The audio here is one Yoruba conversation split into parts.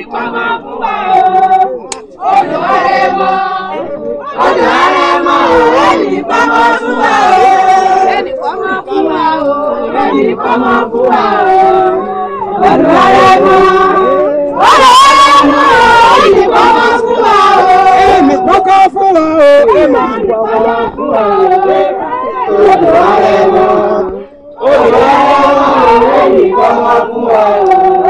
ìpá máa fún wa o. Odò àrẹ̀mọ, odò àrẹ̀mọ o, ẹnìpá máa fún wa o. Ẹnìpá máa fún wa o, ẹnìpá máa fún wa o. Odò àrẹ̀mọ, odò àrẹ̀mọ o, ẹnìpá máa fún wa o. Ẹnìpá máa fún wa o, ẹnìpá máa fún wa o. Odò àrẹ̀mọ, odò àrẹ̀mọ o, ẹnìpá máa fún wa o.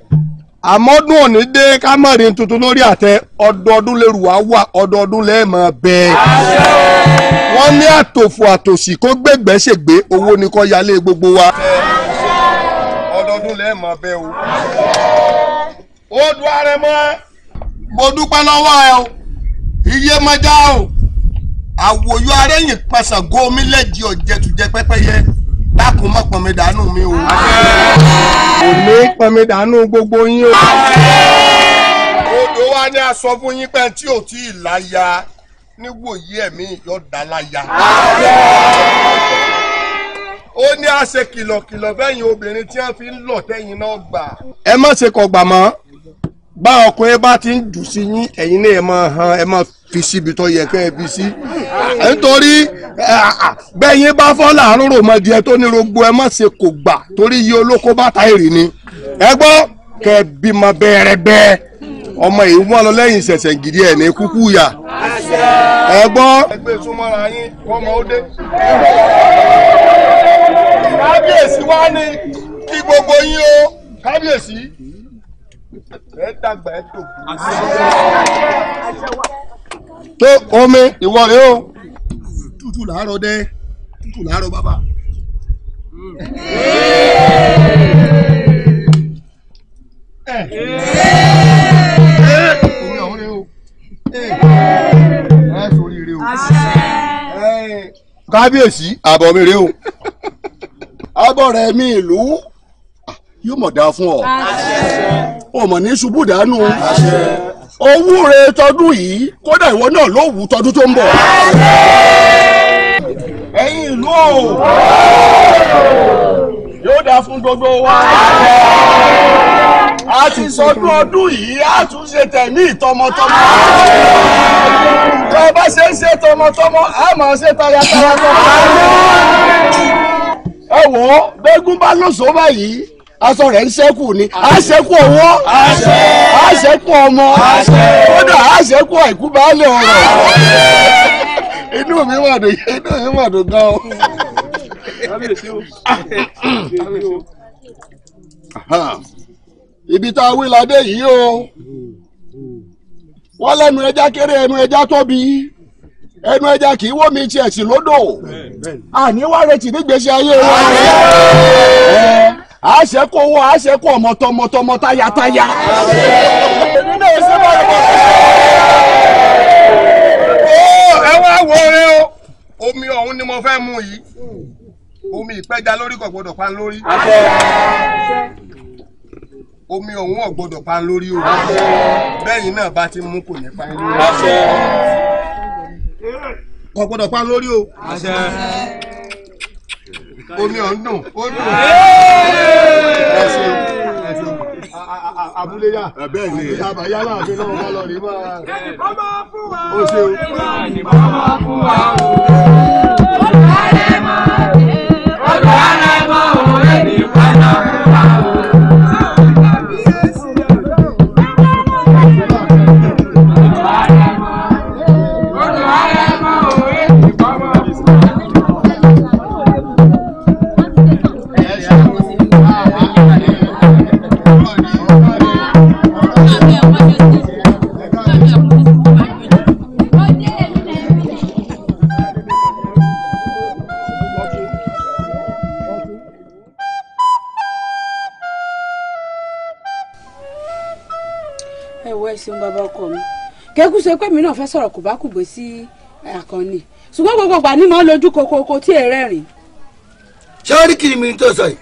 àmọ́dún òní dé kámọ́rin tuntun lórí àtẹ ọdọọdún lérò wá wà ọdọọdún lẹ́ẹ̀mọ́ bẹ́ẹ̀. wọ́n ní àtòfò àtòsí kó gbẹ̀gbẹ́ ṣègbè owó ni kó yálé gbogbo wa. ọdọọdún lẹ́ẹ̀mọ́ bẹ́ẹ̀ o. ó du ara mọ́ mo dúpẹ́ lọ́wọ́ o iye o àwòyọ arẹ́yìn gómìnà lẹ́jì pẹ́pẹ́yẹ. dákun mọ́ pọnmi dànù mi o òní pọnmi dànù gbogbo yín o. odò wa ni a sọ fún yín pé tí ò tí ì láya níwòyí ẹ̀mí yóò dá láya ó ní a ṣe kìlọ̀kìlọ̀ fẹ́yìn obìnrin tí wọ́n fi ń lọ̀ tẹ́yìn náà gbà. ẹ má ṣe kọ̀gbà mọ́ bá ọkùnrin bá ti ń jù sí yín ẹ̀yin náà ẹ máa han ẹ máa fi síbi tó yẹ kẹ́ ẹ fi sí nítorí bẹ́yìn bá fọ́ láàárọ̀ rògbòmọdì ẹ tó ní rogbo ẹ má ṣe kò gbà torí iye olóko bàtà èrè ni ẹ gbọ́ kẹ́ bímọ bẹ́ẹ̀rẹ́ bẹ́ẹ̀ ọmọ yìí wọ́n lọ lẹ́yìn ṣẹ̀ṣẹ̀ gidi ẹ̀ ní kúkú yà ẹ gbọ́. ẹgbẹ́ ìsúnmọ́ra yín ọmọ ó dé. kábíyèsí wá ní kí gbogbo yín o kábíyèsí. ẹ dàgbà ẹ tó. tó omi ìwọ rẹ o tútù làárọ̀ dé tútù làárọ̀ bàbá. omi ọ̀hún rẹ o ẹ sori rẹ o kábíyèsí àbọ̀ mi rẹ o àbọ̀ rẹ mi ìlú yóò mọ̀ dáa fún ọ. ọmọ ní ṣubú dànù. owó rẹ tọdún yìí kódà ìwọ náà ló wù tọdún tó ń bọ̀. ẹ̀yin ìlú o yóò dáa fún gbogbo wa. a ti sọdún ọdún yìí a tún ṣe tẹ̀mí tọmọtọmọ. tó bá ṣe ń ṣe tọmọtọmọ a máa ṣe tayatayatọ. ẹ wò ó bẹ́gún bá lóṣòó báyìí. aṣọ rẹ̀ ń ṣẹ́kù ni a ṣẹ́kù owó a ọmọ kódà a ṣẹ́kù àìkú baálé ọ̀rọ̀ inú mi wà dùn inú mi wà dùn gan o. ibi tá a wí ládé yìí o wọ́n lẹ́nu ẹja kéré ẹnu ẹja tóbi ẹnu ẹja kì í tiẹ̀ sí lódò retí nígbèsí ayé wa. àṣẹkù owó àṣẹkù ọmọ tọmọ tọmọ táyà táyà. èmi náà ẹ wá wo ore o omi ọ̀hún ni mo fẹ́ mu yìí omi ìpẹ́já lórí kò gbọ́dọ̀ pa lórí. omi ọ̀hún ò gbọ́dọ̀ pa lórí o bẹ́yìn náà bá ti mú kò ní pa lórí. kò gbọ́dọ̀ pa lórí o omi ọ̀ndùn ó dùn. ẹ ṣeun ẹ ṣeun abúlé yá bẹ́ẹ̀ ni yàrá yàrá mi náà wà lọ rí máa. ẹnìkan máa fún wa o ẹnìkan máa fún wa o. olùwárẹ̀ mọ́ olùwárẹ̀ mọ́ òun rẹ̀ nìyí. kéékù ṣe pé mi náà fẹ́ sọ̀rọ̀ kò bá kù gbé sí eh, àkànni ṣùgbọ́n gbogbo ìgbà ni mò ń lójú kokoko tí èrè rìn. sọ́ọ́rí kìí mi ni tó sọ yìí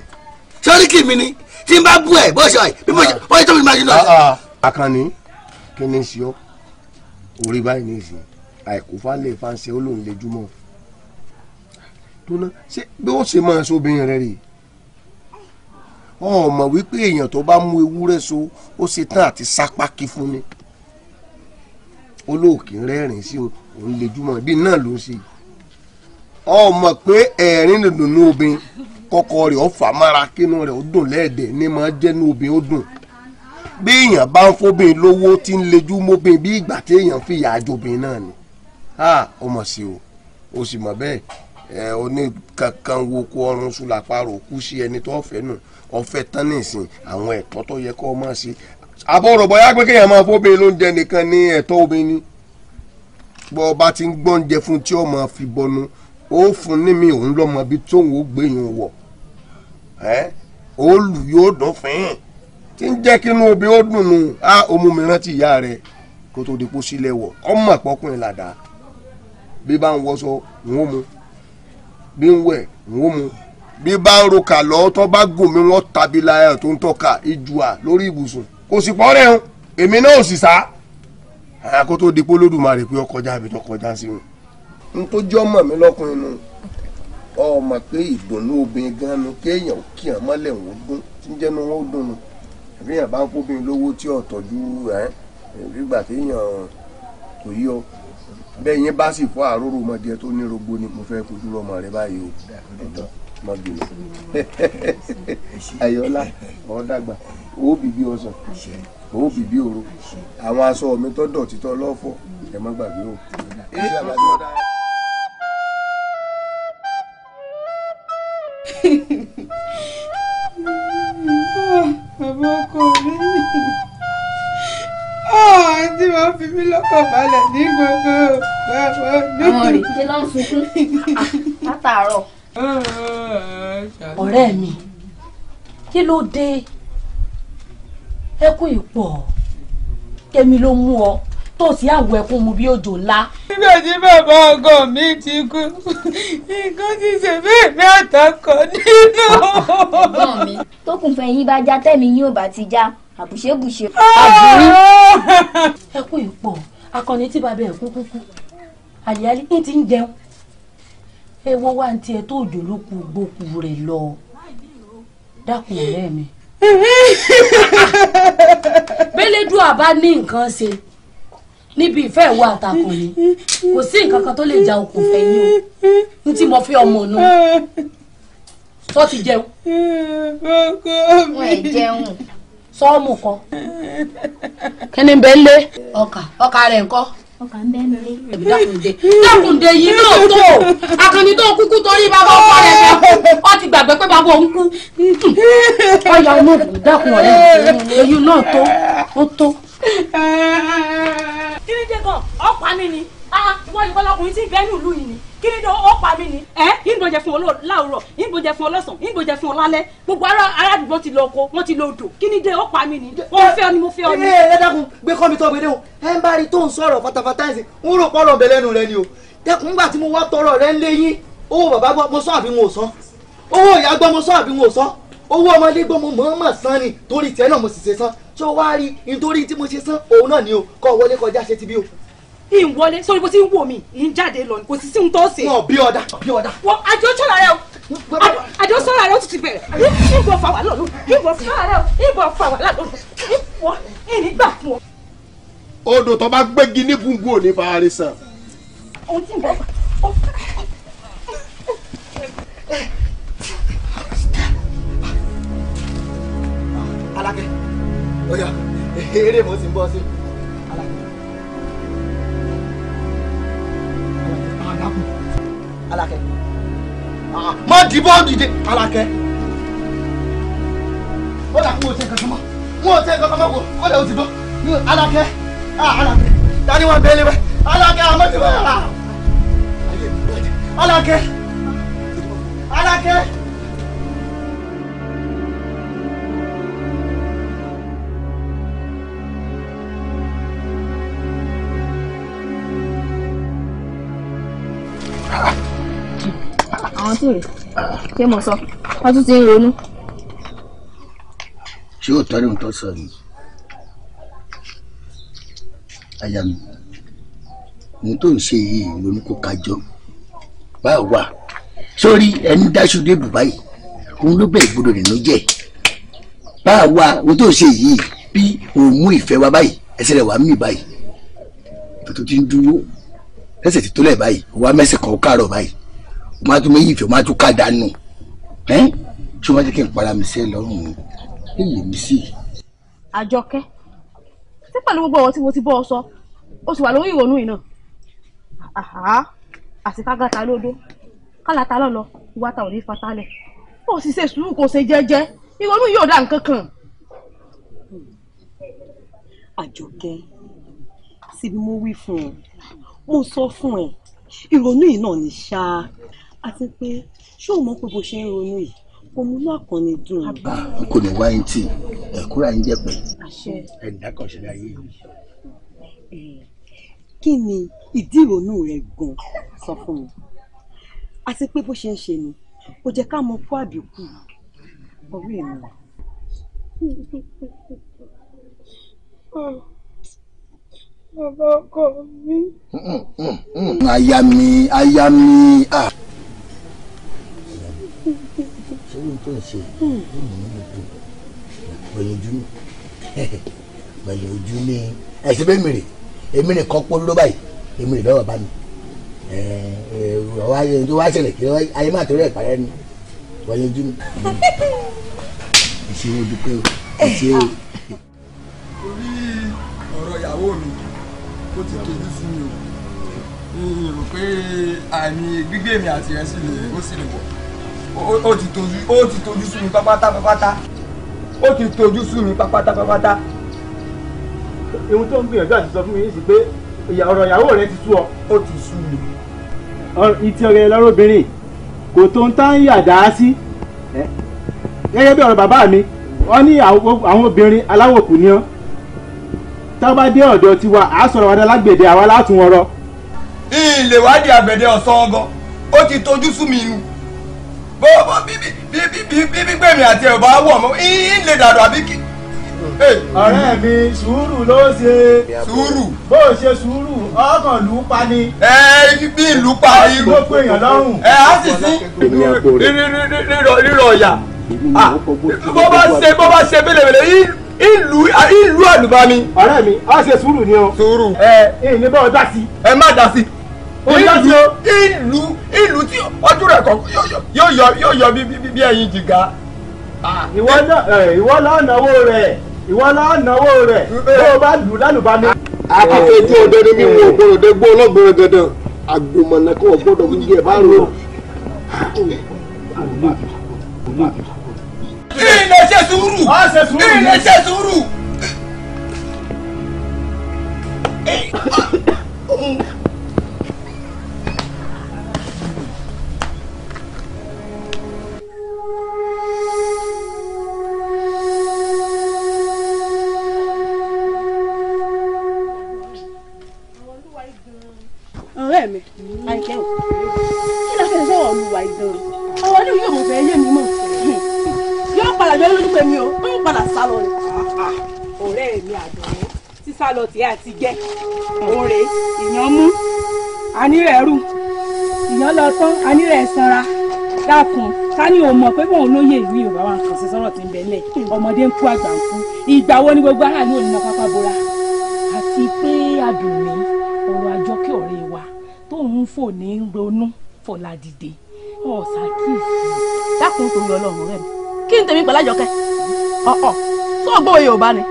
sọ́ọ́rí kìí mi ni tí n bá bú ẹ̀ bó ṣe bí mo ṣe bó ṣe tó mi máa ṣe náà. Ah, ah, àkànni kí ni ṣe ọ orí báyìí ní ìsìn àìkú falẹ̀ fáṣẹ ó lòun lejúmọ́ tó ná ṣé bí wọ́n ṣe máa sóbìnrin rẹ rèé ọmọ wípé èèyàn tó bá mú ewúrẹ́ so ó ṣe tán àti sápákí fún ni olóòkè ń rẹ́rìn sí òun lejúmọ́ bí náà ló ń ṣe ọmọ pé ẹ̀rín dùnú obìnrin kọ́kọ́ rẹ̀ ó fà mára kínú rẹ̀ ó dùn lẹ́ẹ̀dẹ̀ ní máa jẹ́nu obìnrin ó dùn bí èèyàn bá ń fóbìnrin lówó tí ń lejú mọ́bìnrin bí ìgbà tí èèyàn fi ìyà àjòbìnrin náà ni ó mọ̀ sí o o sì mọ̀ bẹ́ẹ̀ ẹ oní kankan wo kó ọrùn sùn làpárò kú sí ẹni tó ọ̀fẹ́ nù ọ̀fẹ́ tán nìsín àwọn ẹ̀tọ́ tó yẹ kó o máa ṣe àbọ̀rọ̀ bọ̀yá pé kéèyàn máa fóbe lóúnjẹ nìkan ní ẹ̀tọ́ obìnrin bọ́ ọba ti ń gbọ́únjẹ fún tí ó máa fi bọnu ó fún ní mi òun lọ́mọ bí tóun ó gbé yín wọ̀ ẹ́ ó lù yóò dùn fín tí ń jẹ́ kínú obì ó dùn nù á ọmú mi rántí ìyá rẹ̀ kó tó dipò sílẹ̀ wọ̀ ọmọ àpọ́kùnrin làdá bí bá ń wọṣọ ń ó mu bí ń wẹ̀ ń ó mu bí bá ń ro kà lọ́ tó bá gùn mí wọ́n tàbí láyà tó ń tọ́ka ìjùà lórí ibùsùn kò sì pọ́ rẹ̀ hàn èmi náà ò sì sá àyàkó tó di polódùmarè pé ọkọjá àbí tó kọjá sí wọn. n tó jọ́ mọ̀ mí lọ́kùnrin nu ọmọ pé ìdùnnú obìnrin gan nu kéèyàn ò kí hàn mọ́lẹ̀ wọn dún tí ń jẹ́nu wọn ó dùn nu àbí yàn bá ń kóbìnrin lówó tí ò tọ́jú ẹ̀ nígbà téèyàn kò yí ọ bẹ́ẹ̀ yẹn bá sì fọ́ àrórò ọmọdé tó ní rogbo ni mo fẹ́ kojú ọmọ rẹ báyìí o má bínú ayọ̀lá ọ̀dàgbà ó bìbí ọsàn ó bìbí òru àwọn aṣọ mi tó dọ̀tí tó lọ́fọ̀ ẹ má gbàgbé o. bàbá ọkọ mi ni ah, tí wọ́n fi mí lọ́kàn balẹ̀ ní gbogbo ọ̀pọ̀ àwọn rèé ṣe lọ́n sunkún ah, látàárọ̀ ọ̀rẹ́ mi kí ló dé ẹkún ìpọ̀ kẹ́mi ló mú ọ tó sì àwọ̀ ẹkún mu bí òjò ńlá. nígbà tí bàbá ọkọ mi ti kú nǹkan ti ṣe bẹ́ẹ̀ mi àtàkọ nínú. ọgbọ́n mi tó kùn fẹ́ yín bá já tẹ́mi yín ò bá ti já àbùṣebùṣe. àbúrí ẹkún ìpọ̀ akọni tí bàbá ẹ̀kú kúkú àyálí ní ti ń jẹun èwo wá ní tiẹ̀ tó òjò ló ku gbóku rẹ̀ lọ dákun ọ̀rẹ́ mi. bẹ́lẹ́dùn àbá ní nǹkan ṣe níbi ìfẹ́ ìwọ àtàkùn ni kò sí nǹkan kan tó lè ja okùn fẹ́ yín o ní tí mo fi ọmọ nù sọ ti jẹun. wọn ẹ jẹun sọọmù kan. kí ni bẹ́ẹ̀ lé. ọkà ọkà rẹ̀ ńkọ́ ọkàn bẹ́ẹ̀ mi. yìí náà tó àkànní tó kúkú torí bàbá ọkọ rẹ ọ ti gbàgbé pé bàbá òun kú ọyà ọmọ òkú dákun ọ̀rẹ́ eyín náà tó ó tó. kí ni jẹ́kọ̀ ọ̀pá mi ni wọ́n ní bọ́lá ọkùnrin tí ìbẹ́nu ìlú yìí ni kí ni ó pa mí ni. ẹ ìbòjẹ fún ọ láàárọ̀ ìbòjẹ fún ọ lọ́sàn ìbòjẹ fún ọ lálẹ́ gbogbo ara aládùúgbò ti lọ oko wọ́n ti lọ odò kí ni dé ó pa mí ni. mo fẹ́ ọ ni mo fẹ́ ọ ni. ẹ ẹ dákun gbé kọ́ mi tọ́ gbé dé o ẹ ń bá rí tó ń sọ̀rọ̀ fatafata ẹ̀sìn ń rò pọ́lọ̀ bẹ lẹ́nu rẹ ni o dẹkun gbà tí mo wá tọrọ rẹ lẹ́yìn owó bàbá gbọ́ mo sọ àbí mo sọ owó ìyá gbọ́ mo sọ àbí mo sọ owó ọmọdé gbọ́ mo mọ̀ọ́mọ̀ san ni torí tiẹ̀ náà mo sì ṣe san tó wá rí nítorí tí mo ṣe san òun náà ni o kọ́ wọlé kọjá ṣe ti bí o ń wọlé sórí bó ti ń wò mí ń jáde lọ kò sí sí ń tó ṣe. wọn bí ọ̀dà bí ọ̀dà. wọ àjọ sọ̀rọ̀ rẹ o àjọ sọ̀rọ̀ rẹ o ti ti bẹ̀rẹ̀ ìbọn fà wà lọ́dún ìbọn sọ̀rọ̀ rẹ o ìbọn fà wà lọ́dún ìwọ ìnígbà fún ọ. odò tó bá gbégi ní gungun òní fàárẹ̀ sàn. ohun tí ń bọ̀ Alákẹ́ ó eré mo ti ń bọ́ sí i. àdákùn. Alákẹ́ ah, má dìbò dìde Alákẹ́ ó dà kí wọ́n ti nǹkan kan mọ́ wọ́n ti nǹkan kan mọ́ kó lè o ti bọ́ Alákẹ́ ah, Alákẹ́ dání wọn bẹ́ẹ̀ lé wẹ́ Alákẹ́ àmọ́ ti wọ́n àwọn tí rè ṣé mo sọ wọn tún ti ń ronú. ṣé òótọ́ ni òótọ́ sọ yìí aya mi ohun tó ń ṣe yìí ìrònú kò kájọ báà wà sórí ẹni dáṣu dé bùbáyì òun ló bẹ̀ gbọdọ̀ nínú jẹ́ báà wà ohun tó ń ṣe yìí bí òun mú ìfẹ́ wa báyìí ẹsẹ̀ rẹ̀ wà mí báyìí tó ti ń dúró ẹsẹ̀ ti tó lẹ̀ báyìí wà mẹ́sẹ̀ kan ó káàárọ̀ báyìí máa tún méjì fẹ́ máa tún ká dànù ṣé wọ́n ti kí n para mi sẹ́ lọ́rùn mi èyí mi sí. àjọkẹ́ tí pẹ̀lú gbogbo ọ̀rọ̀ tí mo ti bọ́ ọ sọ o sì wà lórí ìrònú yìí náà àti kágàtà lódó kálàtà lọ́lọ́ ìwátà ò ní fatálẹ̀ ó sì ṣe sùúrù kò ṣe jẹ́jẹ́ ìrònú yóò dá nǹkan kan. àjọkẹ́ síbi mo wí fún ẹ mo sọ fún ẹ ìrònú yìí náà ní ṣáá àti pé ṣé o mọ̀ pé bó ṣe ń ronú yìí kò mú náà kàn ní dùn. Ah, kò ní wá ẹni tí ẹkúrà ń jẹpẹ ẹ̀dá kan ṣẹlẹ̀ ayé yìí. kí ni ìdí ìrònú rẹ gan sọ fún mi àti pé bó ṣe ń ṣe ni kò jẹ́ ká mọ̀ kó àbíkú ọ̀rẹ́ mi. bàbá ọkọ mi. Mm, mm, mm. aya mi aya mi. Ah sórí tó ń ṣe yóò mú mi dùn gbẹ̀yìn ojú mi gbẹ̀yìn ojú mi ẹ̀sìn bẹ́ẹ̀ mìíràn èmi nìkan pọ́n ló báyìí èmi nìkan bàbá mi ọwọ́ tó wá ṣẹlẹ̀ kí ayé má torí ẹ̀ parẹ́ ni gbẹ̀yìn ojú mi. ìṣirò dúpẹ́ o ìṣirò. orí ọ̀rọ̀ ìyàwó mi ó ti kéjú sí mi o rò pé àmì gbígbé mi àti ẹ̀ sì lè ó sì lè wọ̀ ó ti tojú ó ti tojú sú mi pátápátá ó ti tojú sú mi pátápátá. ohun tó ń gbìyànjú àti sọ fún mi sí pé ọ̀rọ̀ ìyàwó rẹ ti sú ọ. ó ti sú mi. ìtì ọ̀rẹ́ lọ́rọ̀bìnrin kò tó ń tán yàdá sí gẹ́gẹ́ bí ọ̀rọ̀ bàbá mi wọ́n ní àwọn obìnrin aláwòkù ni ọ́ tá bá dé ọ̀dọ̀ tiwa àá sọ̀rọ̀ wàdà lágbèdè àwa látún ọ̀rọ̀. ìlèwádìí àgbẹ̀dẹ ọ̀sán ọgọ́ ó ti tojú sú mi nù bó bó bíbí bíbí bíbí gbèmí àti ẹ̀ bá wọ̀ mọ́ yín lè dàdú àbí kí. ọ̀rẹ́ mi sùúrù ló ṣe. sùúrù. bó o ṣe sùúrù ọkàn lù ú pa ni. ẹ bí ìlú pa irú. ó pe èèyàn lọ́rùn. ẹ á sì sí rírọ̀ ọ̀yà bó bá ṣe bó bá ṣe bẹ́lẹ̀bẹ́lẹ̀ yín ìlú ìlú àlùbami. ọ̀rẹ́ mi a ṣe sùúrù ni o. sùúrù. ẹ ìní bá ọ dá sí. ẹ má dá sí. ìlú ìlú tí ojú rẹ̀ kọ̀ yóò yọ bí ẹyin jìgá. Ah. ìwọ lánàwó rẹ̀ ìwọ lánàwó rẹ̀ tó eh. o bá lù lálùbami. akókò ojú ọdẹ ni mi wọ ògbórodé gbó ọlọgbọrọ dandan agbomọ̀nà kan gbọ́dọ̀ wí bí bá rò. ilé sá lọ rè ọ̀rẹ́ mi àdùnnú sísá lọ tí a ti jẹ́ òrè ìyàn mú anírẹ̀ rù ìyàn lọ tán anírẹ̀ sanra dákun ká ní o mọ̀ pé bọ́n olóyè mi ò bá wa kàn sí sọ́rọ̀ tí ń bẹ lẹ̀ ọmọdé ń kú àgbà ń kú ìgbà wo ni gbogbo aráàlú ò ní lọ pápá bora àti pé adùnmí ọ̀rọ̀ àjọkẹ́ ọ̀rẹ́ wa tóun fò ní ronú fọlá dìde ọ̀sà kìí dákun torí ọlọ́run rẹ̀ kí n tèmi pẹ̀lú àjọkẹ́ ọ̀ọ́ tó o gbóòye yorùbá ni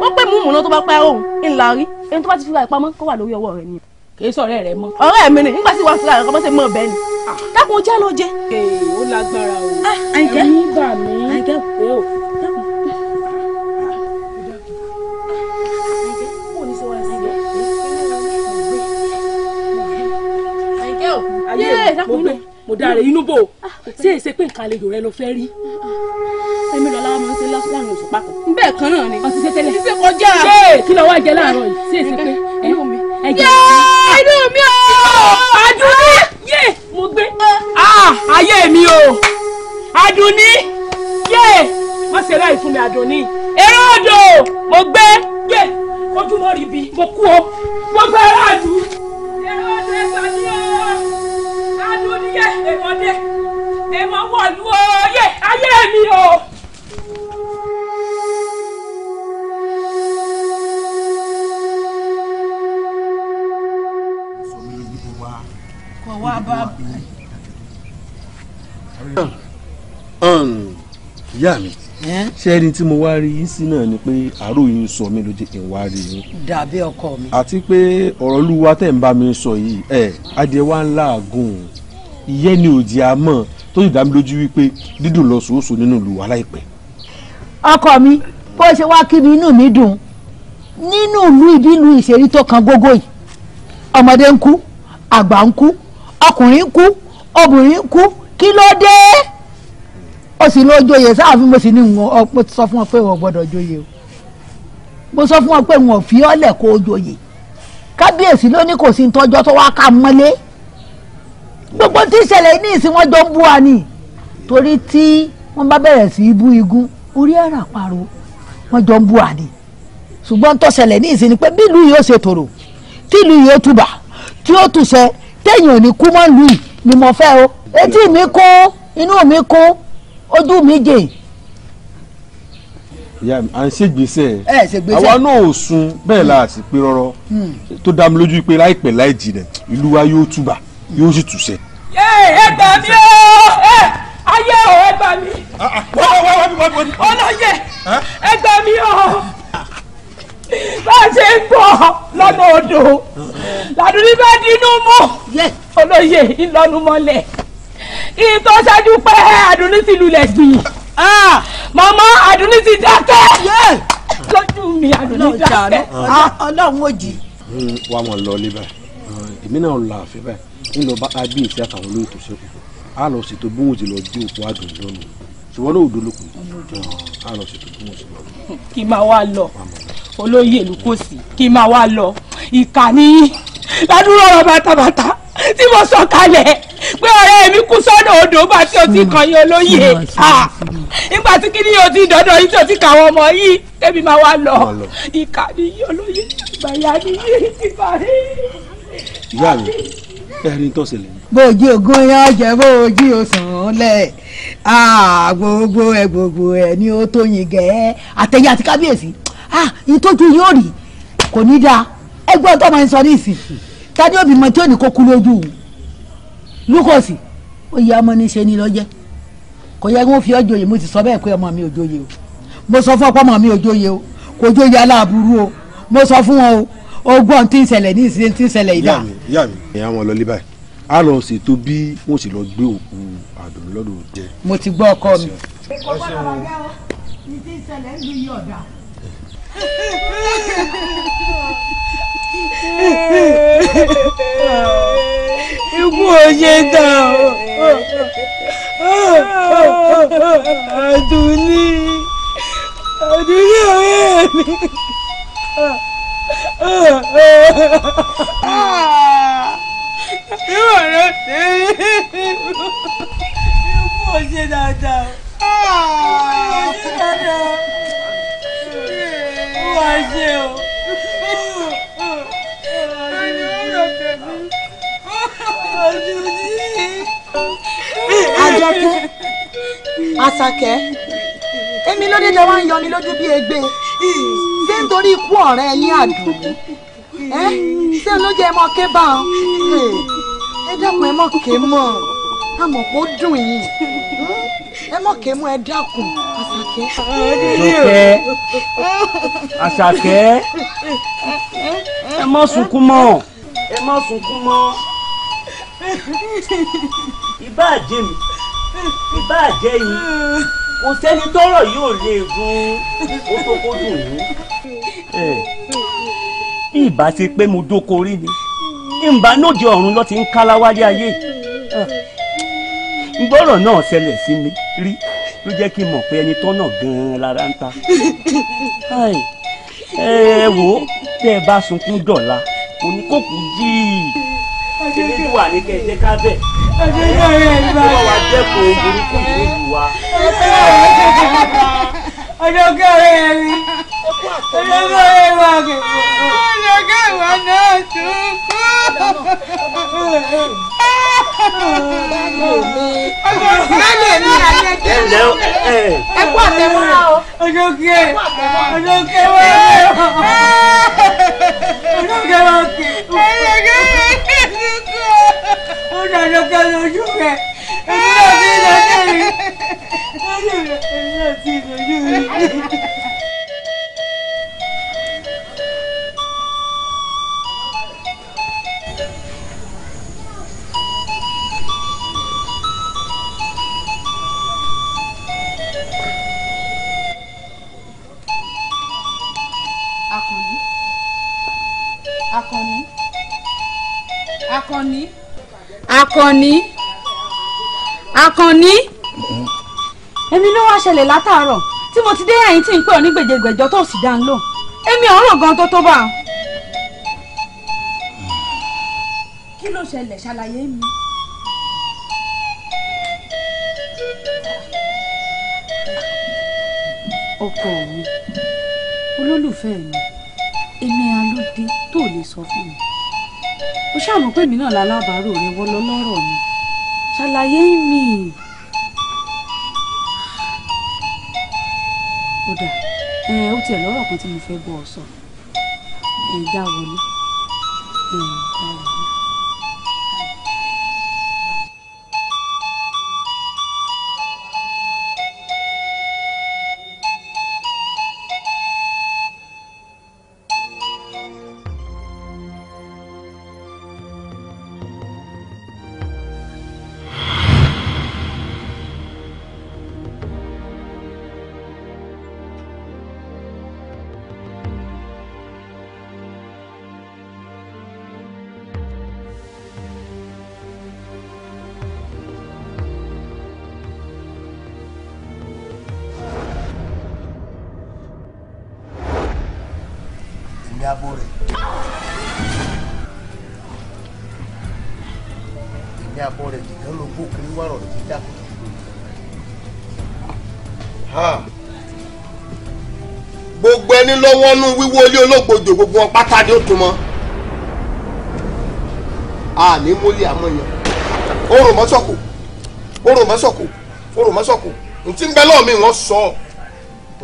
wọ́n pè mú ìmúná tó bá pa òun ńlá rí ẹni tó bá ti fi ra ìpamọ́ kó wà lórí ọwọ́ rẹ̀ ni. kì í sọ̀rẹ́ rẹ mọ́. ọ̀rẹ́ mi ni nígbà tí wàá fi ra ìpamọ́ sí mọ́ bẹ́ẹ̀ ni. dákun jẹ́ ló jẹ́. ee ó lágbára o. Ah, àìkẹ́ ẹ̀mí bà mí. àìkẹ́ pé o. àìkẹ́ mo dáre inú bò ṣé èsè pé nǹkan àlejò rẹ ló fẹ́ rí ẹ̀mí lọ́la máa ń ṣe láàrin oṣù pàtó. bẹ́ẹ̀ kan náà ni ọtí tẹ́tẹ́lẹ̀ ṣíṣe kọjá. ṣé kí lọ wá jẹ láàárọ̀ yìí ṣé èsè pé inú mi ẹ̀jẹ̀ mi. inú mi o Adúnní yé mo gbé ah! Ah! ayé mi o Adúnní yé wọ́n ṣe láì fún mi Adúnní eré odò mo gbé gbé ojúmọ́ ríbi mo kú ọ mo fẹ́ ráàdù. dé èmọ̀ dé èmọ̀ wọ̀lú oyè ayé mi o. Um, ìyá mi ṣé ẹni tí mo wá rí yín sí náà ni pé àárò yín sọ mí lójú kí n wá rí yín. dàbí ọkọ mi. àti pé ọ̀rọ̀ olúwa tẹ̀ ń bá mi sọ yìí ẹ̀ adìẹ wa ń láàgùn ìyẹn ni òjì àmọ́ tó sì dá mi lójú wípé dídùn lọ sòóso nínú ìlú wa láìpẹ́. ọkọ mi bó ṣe wá kí mi inú mi dùn nínú ìlú ìbí ìlú ìṣèrí tó kan gógó yìí ọmọdé ń kú àgbà ń kú ọkùnrin ń kú obìnrin ń kú kí ló dé ó sì lọ joyè sáàfin mo sì ní wọn mo sọ fún wọn pé wọn gbọ́dọ̀ joyè o mo sọ fún wọn pé wọn ò fi ọlẹ kó joyè kábíyèsí ló ní kò sí tọjọ tó wá ká mọ́lé gbogbo tí ìṣẹ̀lẹ̀ ní ìsìn wọn jọ ń bú wa ni torí tí wọ́n bá bẹ̀rẹ̀ sí í bú igun orí ara àparò wọ́n jọ ń bú wa ni ṣùgbọ́n tó ṣẹlẹ̀ ní ìsìn ni pé bí ìlú yìí ó ṣe tòrò tí ìlú yìí ó túbà tí ó túṣẹ téèyàn ò ní kú mọ́ lùú ni mo fẹ́ o etí mi kó inú mi kó ojú mi jè ìyá mi à ń ṣègbésẹ̀ àwa náà ò sun bẹ́ẹ̀ la sì pé rọ́rọ́ hmm. tó dá mi lójú pé láìpẹ́ láì jìnà ìlú wa yóò túbà yóò sì túṣẹ. ẹ gbà mí o ayé o ẹ gbà mí. Ah, ah, ọlọ́yẹ ẹ gbà mí o bá a ṣe ń bọ̀ lọ́nà odò làdúrí bá dínú mọ́ olóyè ìlọ́nu mọ́lẹ̀ ìtọ́ ṣáájú pé àdúní ti lulẹ̀ gbìn ah. màmá àdúní ti dákẹ́ lójú mi àdúní dákẹ́. ọlọ́run ò jì. wà á mọ̀ lọ ní báyìí hmm, èmi náà la àfẹ́ báyìí ń lọ bá agbèsí àtàwọn olóyè tó ṣẹ́kù a lọ ṣètò bí wọn ti lọ gbé òkú àgbẹ̀ lọ́nà ṣùgbọ́n náà òdo lókun á lọ ṣètò bí wọn ti lọ. kí n máa wá lọ olóyè ló kò sí kí n máa wá lọ ìkànnì ládùúgbò ọ̀rọ̀ bàtàbàtà tí mo sọ kalẹ̀ pé ọ̀rẹ́ mi kú sọ́nà odò bá tí o ti hmm. kàn yín olóyè hmm. Hmm. Ah, nígbà tí kíní o ti dọ́dọ̀ yín tí o ti kà wọ́n mọ́ yìí tẹ́mi máa wá lọ ìkànnì olóyè ìgbàyà nìyí ti bàrí ẹni tó ṣẹlẹ̀. bójú ogún yẹn ọjẹ bójú òsàn lẹ gbogbo ẹ gbogbo ẹ ní ó tó yin gẹ àtẹyìn àti kábíyèsí ìtọ́jú yóò rí kò ní dáa ẹgbẹ́ tó máa ń sọ ní ìsìn tani òbí mọ tí ò ní kó kú lójú lúkọ̀sì ó yẹ ọmọ ní ṣe ni lọ́jẹ́ kò yẹ kí wọ́n fi ọjọ́ yìí mo ti sọ bẹ́ẹ̀ pé ọmọ mi ò jóye o mo sọ fún ọpọ́ ọmọ mi ò jóye o kò jóye aláàbúrú o mo sọ fún wọn o ọgbọ́n tí ń ṣẹlẹ̀ ní ìṣẹ̀lẹ̀ tí ń ṣẹlẹ̀ ìdá. ìyá mi ìyá wọn lọ lé báyìí a lọ ṣètò bí wọn sì lọ gbé òkú àdùn lọ́dọ̀ jẹ. mo ti gbọ́ ọkọ mi. ikú òye dàn ó àdùnní àdùnní ọ̀rẹ́ mi ìwọ rẹ ṣe é ikú ò ṣe dáadáa ó ṣe dáadáa ó wá ṣe o. Àjọkẹ́ Àṣàkẹ́ èmi ló dé jẹ́ wá ń yọ mi lójú bí egbe ṣé nítorí ikú ọ̀rẹ́ ní àdùn ẹ́ ṣé ló jẹ́ ẹmọ ké bá ọ ẹ dákun ẹmọ ké mọ́ àmọ̀ pé dùn yìí ẹmọ ké mọ́ ẹ dákun àṣàkẹ́. àṣàkẹ́ ẹ má sunkún mọ́ ẹ má sunkún mọ́ ìbá àjẹ́ mi ìbá àjẹ́ yìí kò sẹ́ni tọ́rọ̀ yìí ò lè gun ó tó kó dùn ún. bí ìbá ti pé mo dóko ni ìbá lóde ọ̀run ló ti ń kálá wálé ayé gbọ́rọ̀ náà ṣẹlẹ̀ sí mi rí ló jẹ́ kí n mọ̀ pé ẹni tọ́nà gan-an lára ń ta ẹ wò ó tẹ́ ẹ bá sunkún dọ̀la oníkókù jí i ṣe ní wà ní kẹjẹ kábẹ ẹ wọ́n wá jẹ́ kó burúkú yìí wa. ọjọ́gẹ́ ọ̀rẹ́ yẹn ni ọjọ́gẹ́ ọ̀rẹ́ wa kẹ̀. ọjọ́gẹ́ ìwà náà tún kú. ọjọ́gẹ́ mi àlejò ẹ kú àtẹ̀mọ́ra o. ọjọ́gẹ́ ọjọ́gẹ́ wa ọjọ́gẹ́ wa kẹ̀. ọjọ́gẹ́ wa kẹ̀ ó dáná ká lójú rẹ èmi náà ti lọ́jọ́ rí lójú rẹ èmi náà ti lójú rí. akọni akọni akànnì akànnì èmi ló wá ṣẹlẹ̀ látàárọ̀ tí mo ti dé ẹ̀yìn tí ń pè ọ́ ní gbèjègbèjọ́ tó sì dáa ń lò èmi ọ̀rọ̀ gan tó tó bá. kí ló ṣẹlẹ̀ ṣàlàyé mi. ọkọ mi olólùfẹ́ mi èmi alóde tó lè sọ fún mi o ṣàmọ̀ pé mi náà lálábàárò rẹ wọ́n lọ lọ́rọ̀ mi ṣàlàyé mi. kódà ẹ ó tiẹ̀ lọ́rọ̀ kan tí mo fẹ́ bọ́ ọ sọ ẹ̀ já wọlé ẹ̀ já wọlé. lọ́wọ́ nú wíwó ilé olóògbòjò gbogbo wọn pátá ni ó tún mọ́ àní múlẹ̀ àmọ́yàn orò mọ́sọ̀kò orò mọ́sọ̀kò orò mọ́sọ̀kò ntí ń bẹ lọ́ọ̀ mi wọ́n sọ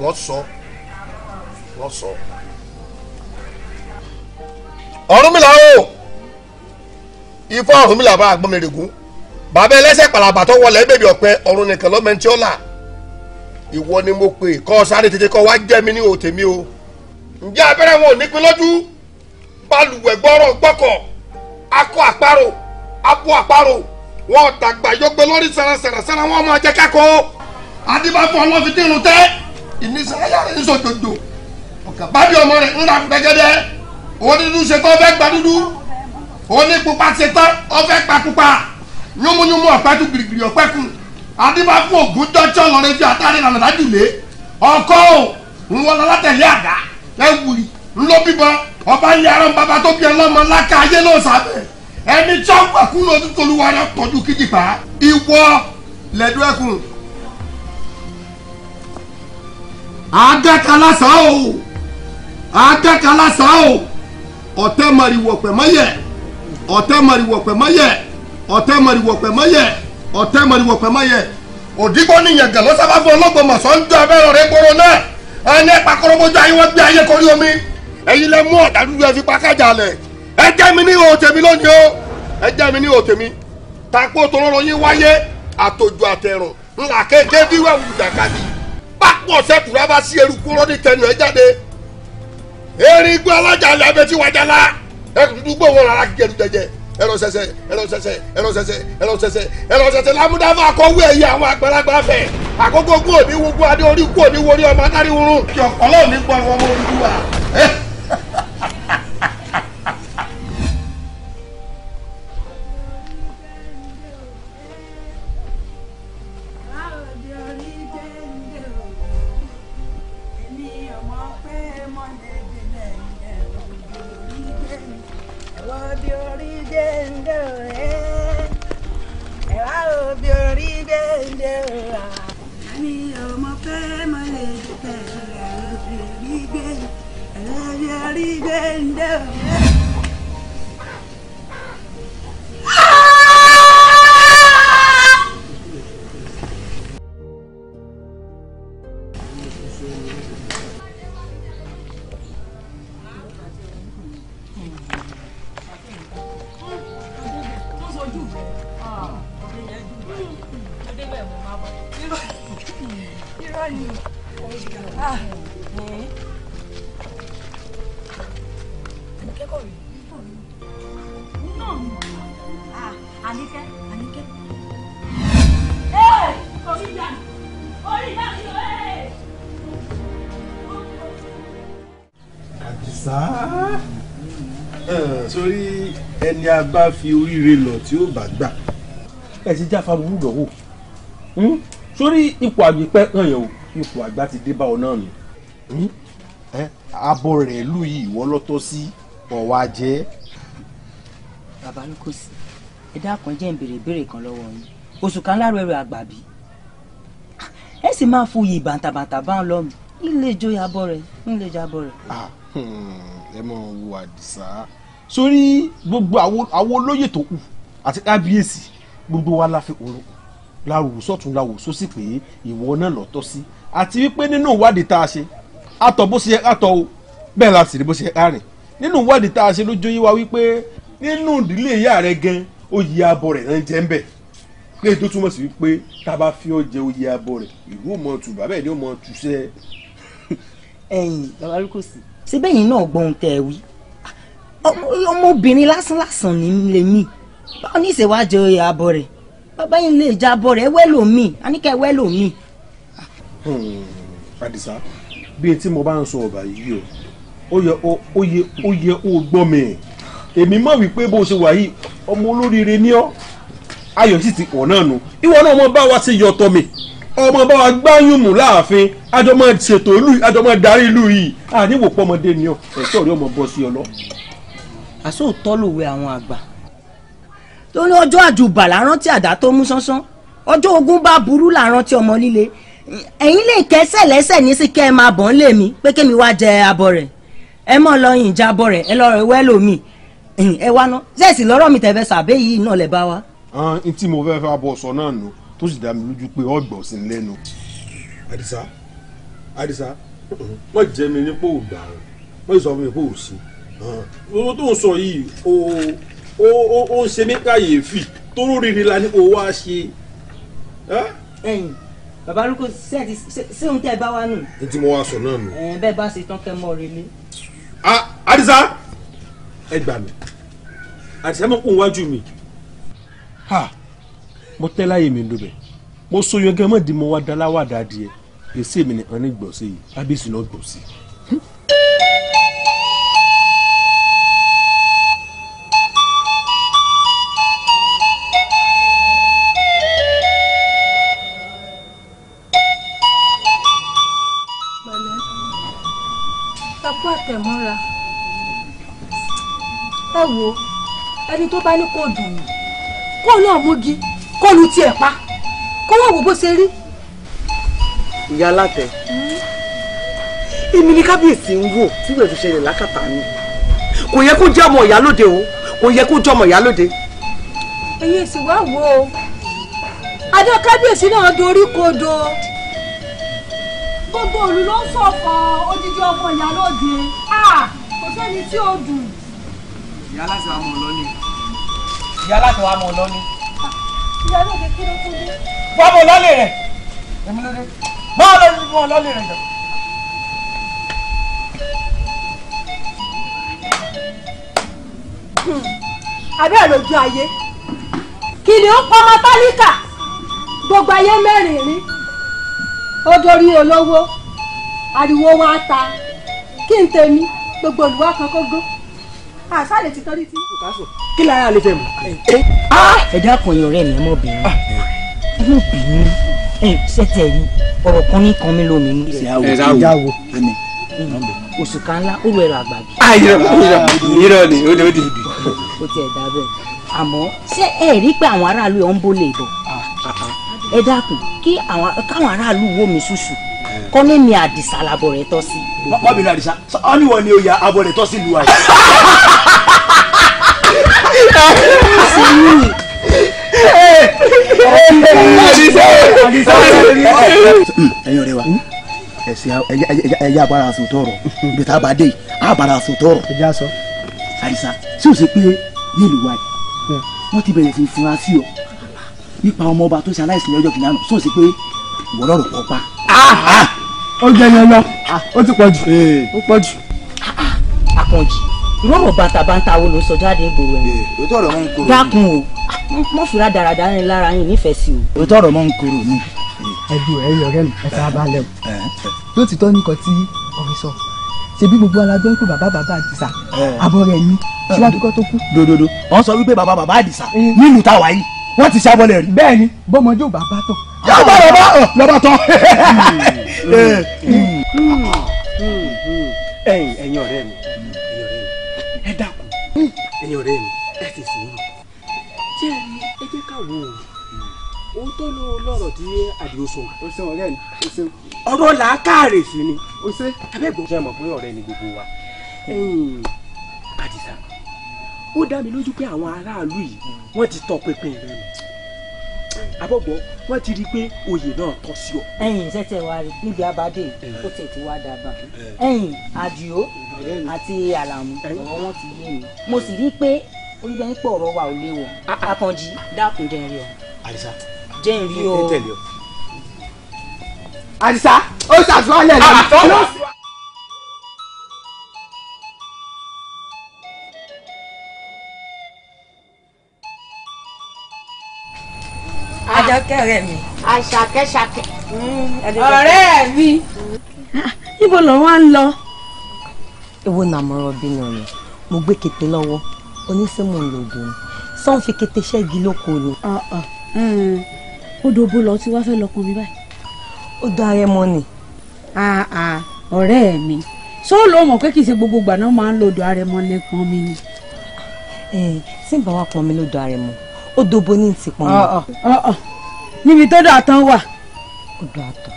wọ́n sọ wọ́n sọ. Ọ̀rúnmìlà o ifá Ọ̀rúnmìlà bá agbọ́mẹ̀rẹ̀gùn bàbá ẹlẹ́sẹ̀ pàlàbà tó wọlé bèbè ọ̀pẹ ọ̀run nìkan lọ́mẹ́ntì ọ̀la ìwọ ni mo pè kọ́ sáré tètè kọ́ wá jẹ́ mi ní òtèmi o ǹjẹ́ abẹ́rẹ́ wọn ò ní pin lójú balùwẹ̀ gbọ́rọ̀ gbọ́kọ̀ akọ àparò abo àparò wọn tàgbà yọgbẹ́ lórí sàràsàràsàrà wọn máa jẹ́ kákọ́ adébáfọ́ ọlọ́fi dínú tẹ́ ìnísàlẹ̀ yàrá ń sọ̀jọ̀jọ̀ ọ̀gá bábí ọmọ rẹ̀ ńlá gbẹgẹdẹ onídùú ṣe tán ọfẹ́ gba dúdú onípupa ṣe tán ọfẹ́ pa pupa yúnmúyúnmú ọ̀pẹ́kù gbìrìgbìrì ọ̀pẹ́kù adébáfọ́ ògùn dọ́jọ́ lọ́rẹ́ fi àtàrí lànà lájùlé ọkọ́ ò ń wọlé látẹ̀lé àdá ẹ̀wùrì ńlọ́bíbọn ọba ní ara bàbá tó bí ọlọ́mọ lákà ayé ló sábẹ̀ ẹni tí wọ́n pàkú ló ti tolúwa náà tọ́jú kídìpá ìwọ lẹ́dú ẹkùn. adẹ́kala sá o adẹ́kala sá o ọ̀tẹ́ mọ̀rìwọ̀ pẹ̀mọ́yẹ ọ̀tẹ́ ọlọ́gbọ̀mọ̀sán ń dún ẹni ẹ̀pà kọ́rọ́mọ́jú ayé wọ́n gbé ayé kọrí omi ẹ̀yin lẹ mú ọ̀dà dúdú ẹ fi pa kájà lẹ̀ ẹ jẹ́ mi ní ihò tèmi lónìí o ẹ jẹ́ mi ní ihò tèmi tàpó tó lọ́rọ̀ yín wáyé àtòjò àtẹ̀rọ̀ ńlá kéde wíwá wùdàkadì pápọ̀ sẹ́kùrọ̀ bá sí eruku rọ́ọ̀dì tẹnu ẹ jáde erigun alájà lẹ́ẹ̀mẹ́tì wájà la ẹkùn dúdú gbòòwò rárá gẹ̀rù jẹjẹ ẹ̀rọ sẹ̀sẹ̀ ẹ̀rọ sẹ̀sẹ̀ ẹ̀rọ sẹ̀sẹ̀ ẹ̀rọ sẹ̀sẹ̀ ẹ̀rọ sẹ̀sẹ̀ lámúdáfà kọ́wé ẹ̀yẹ àwọn àgbàlagbà fẹ̀ àkókò gún òní wúgbó adé orí kú òní wọlé ọmọ adáríwúrú. kí ọ̀pọ̀lọ́ mi gbọ́ ọmọ olúwa. bá fi oríire lọ tí ó bá gbà. ẹ ti jáfa burú lọ́wọ́ hmm? sórí ipò àgbẹ̀pẹ́ kan yẹn o ipò àgbà ti dé bá ọ náà ni. Hmm? abo rẹ̀ lù yìí ìwọ lọ́tọ́ sí ọ̀wá jẹ́. bàbá ló kò sí ẹ dákun jẹ́ ń béèrè ìbéèrè kan lọ́wọ́ yín oṣù kan láàrú ẹrù àgbàbí ẹ sì máa fòye bàǹtàbàǹtà bá ń lọ́mù ńlẹ̀ jọ yàbọ̀ rẹ̀ ńlẹ̀ jọ yàbọ̀ rẹ̀. Ah, hmm, ẹ mọ̀ wo àdìsá sórí gbogbo àwọn olóyè tó kù àti kábíyèsí gbogbo wa la fi òru láwò sọ́tún láwò sósì pé ìwọ náà lọ tọ́ sí àti wípé nínú ìwádìí tá a ṣe àtọ̀ bó ṣe ká tọ́ o bẹ́ẹ̀ la sì rí bó ṣe ká rìn nínú ìwádìí tá a ṣe lójó yín wa wípé nínú ìdílé ìyá rẹ gan oyè abọ́ rẹ̀ náà jẹ́ ń bẹ̀ pé tó túmọ̀ sí wípé tá a bá fi ọ́ jẹ oyè abọ́ rẹ̀ ìlú ò mọ̀ tù bàbá ẹ̀ ni ó mọ̀ tù sẹ́. ẹ̀yin bàbá rúkòsì síbẹ̀ yìí náà gbọ́n tẹ̀ wí ọmọbìnrin lásánlásán ni lèmi báwo ní ìṣèwádìí abọ rẹ bàbá yìí lè já abọ rẹ ẹwẹ lòmíì àníkà ẹwẹ lòmíì. Àdìsá hmm, bíi tí mo bá ń sọ ọ̀bà yìí o ó yẹ ó yẹ ó yẹ ó gbọ́ mi èmi mọ̀ wípé bó ṣe wà yìí ọmọ olóríire ni ọ́ ayọ̀ sì ti pọ̀ náà nù ìwọ náà mo bá wa ṣe yọ̀tọ̀ mi ọmọ bá wa gbáyùn mú láàfin àjọmọ ṣètò ìlú àjọmọ darí ìlú yìí àníwò pọ́mọdé ni ọ ẹ̀ṣọ́ rí ọmọ bọ́ sí ọ lọ àsóòtọ́ lòwe àwọn àgbà lórí ọjọ́ àjùbà lárántí àdá tó mú sánsán ọjọ́ ogun bá burú lárántí ọmọ líle ẹ̀yin lè kẹ́sẹ̀ lẹ́sẹ̀ ní sí kẹ́ ẹ máa bọ̀ ń lè mí pé kémi wá jẹ abọ́ rẹ̀ ẹ mọ̀ lọ yìn já abọ́ rẹ̀ ẹ lọ rẹ̀ wẹ́ lómi ẹ wá ná sẹ́ẹ̀sì lọ́rọ̀ mi tẹ̀fẹ́ sàbẹ́ yìí náà lẹ bá wa. n tí mo fẹ́ fẹ́ bọ̀ sọ náà nù tó sì dá mi lójú pé ọgbọ̀n sí lẹ́nu. àdìsá àdìsá wọ́n jẹ́ mi ní pò gbà wọ́n sọ fún mi pò sí i owó tó ń sọ yìí o o o ń ṣe mí kàyéfì tó rírì la ní kó wá ṣe. ẹyin bàbá arúgbó sẹ́ẹ̀tì ṣé ohun tẹ́ ẹ bá wá nù. n tí mo wá sọ náà nù. ẹ bẹ́ẹ̀ bá ṣe tán kẹ́ mọ́ relé. àdìsá ẹ gbà mí àdìsá mọ̀ kó wájú mi. mo tẹ́ láyé mi lóbẹ̀ mo so yọgẹ mọ́ di mo wá daláwàdà adìẹ èsì mi nìkan ní gbọ̀nsẹ̀ yìí abẹ́sì náà gbọ̀nsẹ̀. tẹ̀ mọ́ra ẹ wo ẹni tó bá ní kó dùn kó náà múgi kó lu tiẹ̀ pa kó wọ́n wò bó ṣe rí. ìyá alátẹ èmi ni kábíyèsí ń wò tí wọ́n ti ṣẹlẹ̀ lákàtà mi kò yẹ kó jẹ́ ọmọ ìyálóde o kò yẹ kó jẹ́ ọmọ ìyálóde. èyí sì wá wò ó adé kábíyèsí náà dorí kodò gbogbo òlù ló ń sọ̀kọ̀ odidi ọmọ ìyá lóde kò sẹ́ni tí ó dùn. ìyá láti wá mọ̀ lọ́ni. ìyá láti wá mọ̀ lọ́ni. ìyá lóde kí ló tún dé. wá mọ̀ lọ́lẹ̀ rẹ̀ èmi lóde bá a lọ sí mọ̀ lọ́lẹ̀ rẹ̀ jọ. àbẹ́ ẹ̀ lójú ayé kí ni ó pọ́nmọ́ tálíkà gbogbo ayé mẹ́rin rí ó dorí olówó ariwo wa ta kí n tèmi gbogbo olùwà kan kó gán àṣà lè ti tọ́rí tí. kí lára lè fẹ́ mu. ẹ̀dá ọkùnrin ọ̀rẹ́ mi ọmọ obìnrin ọmọ obìnrin ṣẹ̀tẹ̀ yìí ọ̀rọ̀ kan ní kan mi lómi ní. ìyáwó oṣù kan ńlá ó rẹ̀ àgbàgbé. Ah, irọ́ ni ó lè ó dé ibi. ó tiẹ̀ dá bẹ́ẹ̀ àmọ́ ṣé ẹ̀ẹ́rí pé àwọn aráàlú ọ̀ ń bó lè bọ̀. Ah ẹ dákun kí àwọn káwọn aráàlú wo mi ṣùṣù kọ́ ní mi àdìsá labọ̀ rẹ̀ tọ́ sí. wọ́n mi ní àdìsá ọ ní wọn ni oyè abọ̀ rẹ̀ tọ́ sí lu àyè. ẹ̀yin ọ̀rẹ́ wa ẹsẹ ẹyà abara sùn tọrọ ibi tá a bá dé yìí abara sùn tọrọ. ẹ já sọ. àyíṣà tí o ṣe pé nílùú wa yìí wọ́n ti bẹ̀rẹ̀ sí fura sí ọ nípa ọmọ ọba tó ṣe aláìsàn ní ọjọ́ kìnìún àná sóòsì pé ìwọ lọ́rọ̀ pọ̀ pa. Ah, ah. ó jẹ yan lọ ah. ó ti pọ̀ jù eh. ó pọ̀ jù. àkànjì rọrùn bàtàbàtà wo ló sọ jáde ìgboro ẹ. Eh, òótọ́ ọ̀rọ̀ mọ́ ń korò mi. dákun o mọ́ fura dáradára ni lára yín nífẹ̀ẹ́ sí o. òótọ́ ọ̀rọ̀ mọ́ ń korò mi. ẹbí ẹ yọ ọ̀rẹ́ mi ẹ sá balẹ̀ o. Eh, tó ti tọ́ nìkan tí ọ̀rẹ́ sọ ṣebí gbogbo alájọ́ ń pè bàbá bàbá àdìsá àbọ̀ rẹ̀ ni síwájú kó tó kú. dododo wọn sọ wípé bàbá bàbá àdìsá nílùú táwa yìí wọ́n ti sábọ́lẹ̀ rí. bẹ́ẹ̀ni bọmọdé ò bá bá tọ. yóò bá lọba lọba tán. ẹ̀yin ẹ̀yin ọ̀rẹ́ mi ẹ̀yin ọ̀rẹ́ mi ẹ dákun ẹ̀yin ọ̀rẹ́ mi ẹ ti sùn. jẹ́ ẹni ẹ jẹ́ ká wò ó òótọ́ ló lọ́rọ̀ tí àdìo sọ. o ṣe ọ̀rẹ́ ni o ṣe. ọ̀rọ̀ làákàrè sí ni. o ṣe. abẹ́gbọ́n. ṣé ẹ mọ̀ pé ọ̀rẹ́ ni gbogbo wa ó dá mi lójú pé àwọn aráàlú yìí wọ́n ti tọ pinpin rẹ nù abọ́gbọ́ wọ́n ti rí i pé oyè náà tọ́ sí ọ. ẹ̀yin tẹ́tẹ́ wa rí níbi abadé ó tẹ̀ tí wá dàgbà ẹ̀yin àdìo àti àlàmú ọ̀rọ̀ wọn ti yé mi mo sì rí i pé orílẹ̀ pọ̀ ọ̀rọ̀ wa ò léwọ̀ ah, ah. akànjí dákun jẹ́ ìrìn àdìsá jẹ́ ìrìn àdìsá ó ṣàtúwálẹ̀ ah, lọ. àjọkẹ́ ọ̀rẹ́ mi. àṣàkẹ́ ṣàkẹ́. Mm, ọ̀rẹ́ mi. Ah, níbo lọ wá ń lọ. èwo nà mo rọ bínú rẹ mo gbé kété lọ́wọ́ oníṣẹ́mù lòdùn sọ́n fi kété ṣẹ́gi lóko ni. Ah, ah. Hmm. odò bo lọ tí wàá fẹ́ lọkùn mi báyìí. ó dá ara ẹ mọ ni. ọ̀rẹ́ mi ṣó ló mọ̀ pé kì í ṣe gbogbo ìgbà náà máa ń lo odò ara mọ lẹ́pọ̀n mi ni. tí eh, ń bá wa pọn mi lódò ara ẹ mọ odò bo ní ti pọn mi níbi tó dọ̀ àtàn wà. odò àtàn.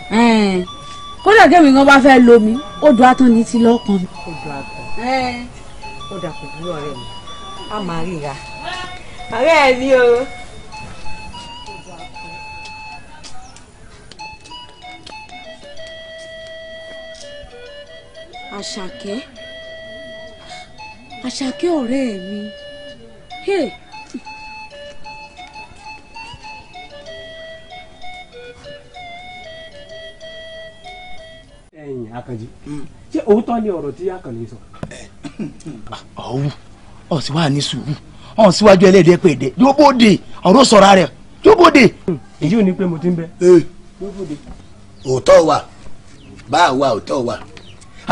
kódà kémi kan bá fẹ́ lomi odò àtàn ní ti lọ́kàn mi. odò àtàn. ó dà kò búrò ọ̀rẹ́ mi a máa ríra. ọ̀rẹ́ ẹ ní o. àṣàkẹ́ àṣàkẹ́ ọ̀rẹ́ mi. Hey. Àkànjí mm. ṣé òótọ́ ni ọ̀rọ̀ tí Àkànjí sọ. Eh, ọ̀hún ọ̀ sì wà ní sùúrù ọ̀hún síwájú ẹlẹ́dẹ̀ẹ́ pé èdè yóò bóde ọ̀rọ̀ sọ̀rọ̀ rẹ̀ yóò bóde. Mm. èyí ò ní pé mo ti ń bẹ. Eh. òótọ́ wà bá a wà òótọ́ wà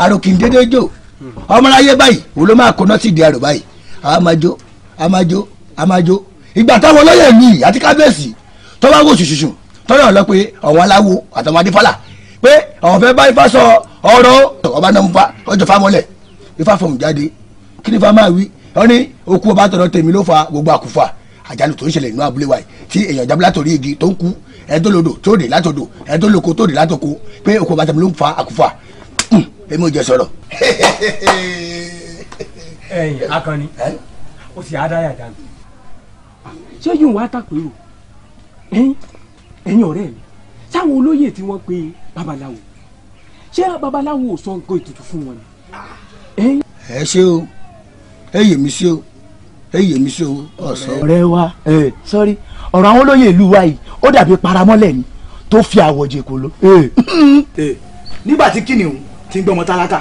àròkìn dédé jò mm. ọmọláyé báyìí wo ló máa kóná sí ìdí àrò báyìí àmàjò àmàjò àmàjò ìgbà táwọn olóyè mi àti kábíyèsí tó bá wò ṣùṣùṣù tọ́lọ̀ lọ pé ọ̀wọ́n aláwo àtàwọn adífọ́là pé àwọn fẹ́ bá ifá sọ ọ̀rọ̀ ọba náà mú fa ọjọ́ fámọ́lẹ̀ ifá fọ̀mù jáde kí ni fa máa wí wọ́n ní okú ọba tọ̀dọ̀ tèmi ló fa gbogbo àkúfà àjálù tó ń ṣẹlẹ̀ nínú abúlé wa yìí tí èèyàn jábọ́ látòrí igi tó ń kú ẹ̀ẹ́dọ́ lodò tó dé látòdò ẹ̀ẹ́dọ́ loko tó dé látòko pé okú ọba tèmi ló ń fa àkúfà hmm, èmi ò jẹ sọ̀rọ̀. ẹ̀yin Akànni o sì á dáyà dànù. ṣé yóò wá tàpérò ẹ̀yin ọ̀rẹ́ mi sáwọn olóyè tí wọ́n pe babaláwo ṣé babaláwo ò sọ nǹkan ètùtù fún wọn ni. Ah. ẹ ṣe o ẹ yè mí sí o ẹ yè mí sí o ọ̀sán. ọ̀rẹ́ wa ẹ sọ́rí ọ̀rọ̀ àwọn olóyè ìlú wa yìí ó dàbí paramọ́lẹ̀ ni tó fi àwọ̀ jẹ kó ló. nígbà tí kìnìún ti ń gbọmọ tálákà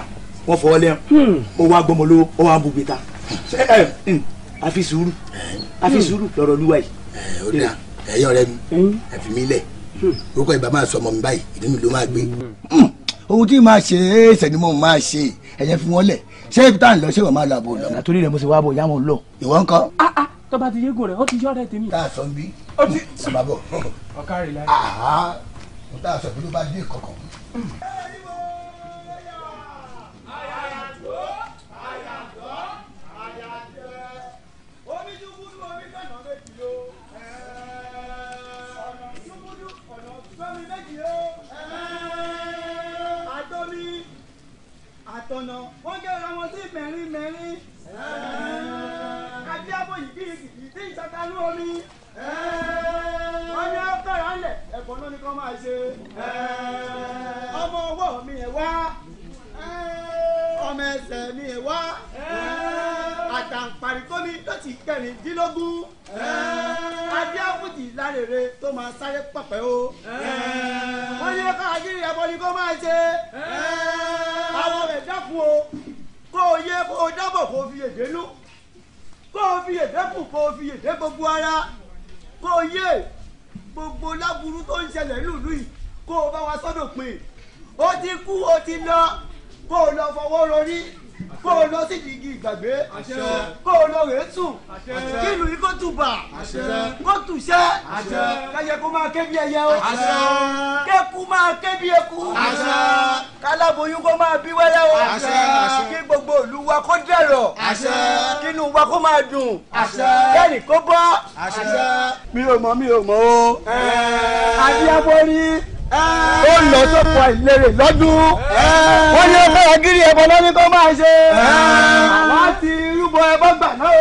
wọn fọwọ́ hmm. lẹ́hìn ó wá gbọmọ lówó ó wá ń bùgbé ta àfi sùúrù àfi hmm. sùúrù lọ́rọ̀ olúwa yìí. ó dà ẹ̀yọ́ rẹ mi àfi hmm. mi lẹ̀ orúkọ ìbá máa sọ ọmọ mi báyìí ìdí mi ló máa gbé ohun tí màá ṣe é ṣe mo máa ṣe ẹ̀yẹ fi wọ́n lẹ̀ ṣé ibi tá à ń lọ ṣé wọ́n máa lọ àbò lọ. àtúndì rẹ mo ṣe wá bò yá mo lọ. ìwọ ń kọ. Ah, ah, tọba ti yégo rẹ ó ti yọ ọ̀rẹ́ tèmi. tá a sọ bí ó ti sọ bàbọ. ọkàrí láyé. tá a sọ bí ló bá dé kọkàn. àtọ̀nà wọ́n gẹ́ra wọn sí mẹ́rin mẹ́rin. kàdí àbòyí bí ìgbìyì tí ìṣàkánú omi. wọ́n ní ọ́kàrà ńlẹ̀ ẹ̀kọ́ náà ni kò máa ṣe. ọmọ ọwọ́ mi ẹ̀ wá. ọmọ ẹsẹ̀ mi ẹ̀ wá. àtàǹparí tó ní ló ti kẹrìndínlógún. kàdí àbòjì lárèrè tó máa sáré pàpẹ́ o. wọ́n ní ọ́kàrà gírí ẹ̀bọ ni kò máa ṣe ara rẹ̀ dákun o kó o yé kó o dábọ̀ kó o fi èdè nú kó o fi èdè kù kó o fi èdè gbogbo ara kó o yé gbogbo láburú tó ń ṣẹlẹ̀ lùlù yìí kó o bá wa sọ́dọ̀ pé o ti kú o ti lọ kó o lọ fọwọ́ rọrí kó o lọ sí ìdí ìgbàgbé kó o lọ rèé sùn kílù yìí kó tù bà kó tù sẹ́ káyẹ máa ké bí ẹyẹ o kẹ́kù máa ké bí eku káláboyún kó máa bí wẹ́lẹ́ o kí gbogbo ìlú wa kó dẹ̀rọ̀ kínú wa kó máa dùn kẹ́rì kó bọ́ mi ò mọ̀ mi ò mọ̀ o adíyàbọ̀ ó lọ sóko àìlérè lọ́dún wọ́n ní ọkọ̀ ọ̀gírí ẹ̀bọ lọ́ní kó máa ṣe àwọn àti irúbọ ẹbọ gbà náà o.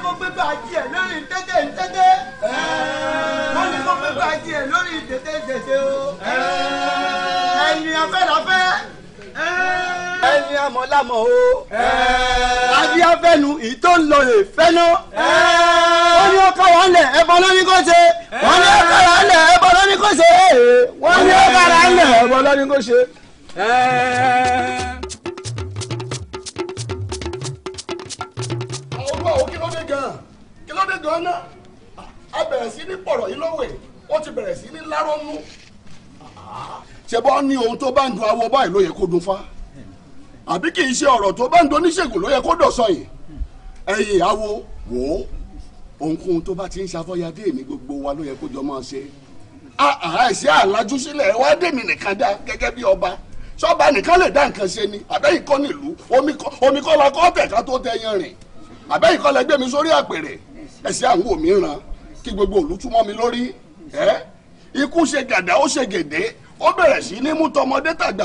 gbogbo àti ẹ̀ lórí ntẹ́tẹ́ ntẹ́tẹ́ gbogbo àti ẹ̀ lórí tètè tètè o. ẹni afẹ́lafẹ́. ẹni amọ̀lámọ̀ o. àbí afẹ́nu ìtò ń lọ lè fẹ́ ná. ó ní ọkọ wọn lẹ̀ ẹbọ lórí kó ṣe. wọ́n ní ọkọ wọn lẹ̀ ẹbọ lórí kó ṣe. wọ́n ní ọkọ wọn lẹ̀ ẹbọ lórí kó ṣe. ọlọ́wọ́ kí ló dé gan-an kí ló dé gan-an náà a bẹ̀rẹ̀ sí ní pọ̀rọ̀ yìí lọ́wọ́ yìí ó ti bẹ̀rẹ̀ sí ní lárọ́nú ṣebọ́ ní ohun tó bá ń dun awọ báyìí ló yẹ kó dun fá àbí kì í ṣe ọ̀rọ̀ tó bá ń dun oníṣègùn ló yẹ kó dọ̀sọ̀ yìí ẹ̀yìn awo wò ó ohunkóhun tó bá ti ń ṣàfọyàdé mi gbogbo wa ló yẹ kó jọ máa ṣe àìsí àlájú sílẹ̀ wá dèmi nìkan dá gẹ́gẹ́ bí ọba ṣọba nìkan lè dá nǹkan ṣe ni àbẹ́yìn kọ́ nílùú omi kọ́ la kọ́ tẹ̀ ká tó tẹ yan rìn àbẹ́yìn kọ́ la gbé mi sórí àpèrè ẹ̀sìn àwọn òmíràn kí gbogbo òlú túmọ̀ mi lórí ikú ṣe gàdá ó ṣe gèdè ó bẹ̀rẹ̀ sí ní mú tọmọdé tàgbà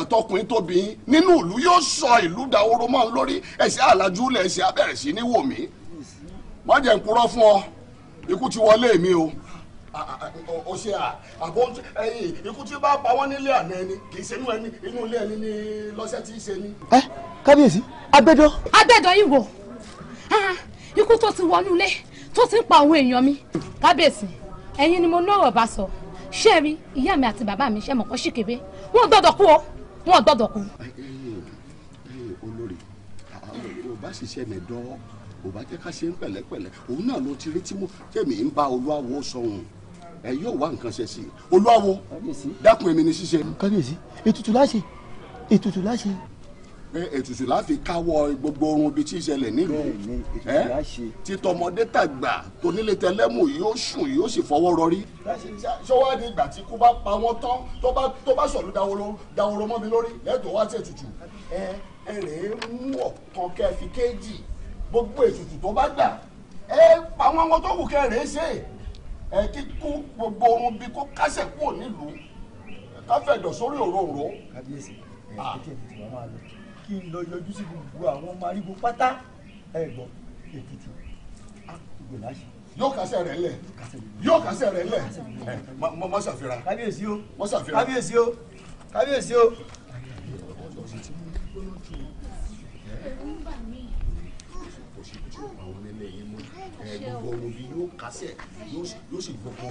tóbi nínú ìlú yóò sọ ìlú dahoro mọ́ lórí ẹ̀sẹ̀ àlàjúlẹ̀ ẹ̀sẹ̀ sí ní wò mí. má jẹ́ fún ọ ikú ti wọlé mi o. o ṣe ikú bá pa wọ́n ẹni kì í ẹni inú ilé ẹni ní lọ́sẹ̀ tí í ṣe ni. ẹ kábíyèsí abẹ́dọ̀. abẹ́dọ̀ ah, ikú tó ti wọnú ilé tó ti ń pa àwọn ẹ̀yin ni mo lọ́rọ̀ bá sọ ṣé rí ìyá mi àti bàbá mi ṣe mọ̀kọ́ ṣìkèbé wọn ò gbọ́dọ̀ kú o wọn ò gbọ́dọ̀ kú. olórí O bá ṣiṣẹ́ mi dán ò bá jẹ́ ká ṣe ń pẹ̀lẹ́pẹ̀lẹ́ òun náà ló ti rí tí mo tẹ̀mí ń bá olúwawo sọ̀hún ẹ yóò wá nǹkan ṣe sí i olúwawo dákun èmi ni ṣíṣe. kábíyèsí ètùtù láṣẹ ètùtù láṣẹ ètùtù láti káwọ́ gbogbo ohun bíi tí ìṣẹ̀lẹ̀ nílùú tí tọmọdé tàgbà tónílé tẹlẹ́mù yóò sùn yóò sì fọwọ́ rọrí. sọ́wádìí ìgbà tí kú bá pa wọ́n tán tó bá sọ̀rọ̀ dáwọ́rọ́ mọ́ mi lórí lẹ́tọ̀ọ́ wá sí ètùtù ẹ ẹ rèé mú ọ̀kan kẹfì kéjì gbogbo ètùtù tó bá gbà ẹ pa wọ́n wọn tó wù kẹ́ rèé ṣe ẹ kíkú gbogbo ohun bíi kó kásẹ̀ kúrò nílùú káfẹ́ dọ̀ sórí òróǹro. kábíyèsí ẹ̀ ẹ̀ kékeré tí wọ́n máa lọ kí n lọ yọjú sí gbogbo àwọn ọmọ arígbó pátá ẹ gbọ́ ètùtù á gbè láṣẹ. yóò kásẹ̀ rẹ̀ lẹ̀ yóò kásẹ̀ rẹ̀ lẹ̀ mọ́ ṣàfihàn. kábíyèsí o mọ́ ṣàfihàn. kábíyèsí o kábíyèsí o. gbogbo ọmọ bíi yóò kásẹ̀ yóò sì gbogbo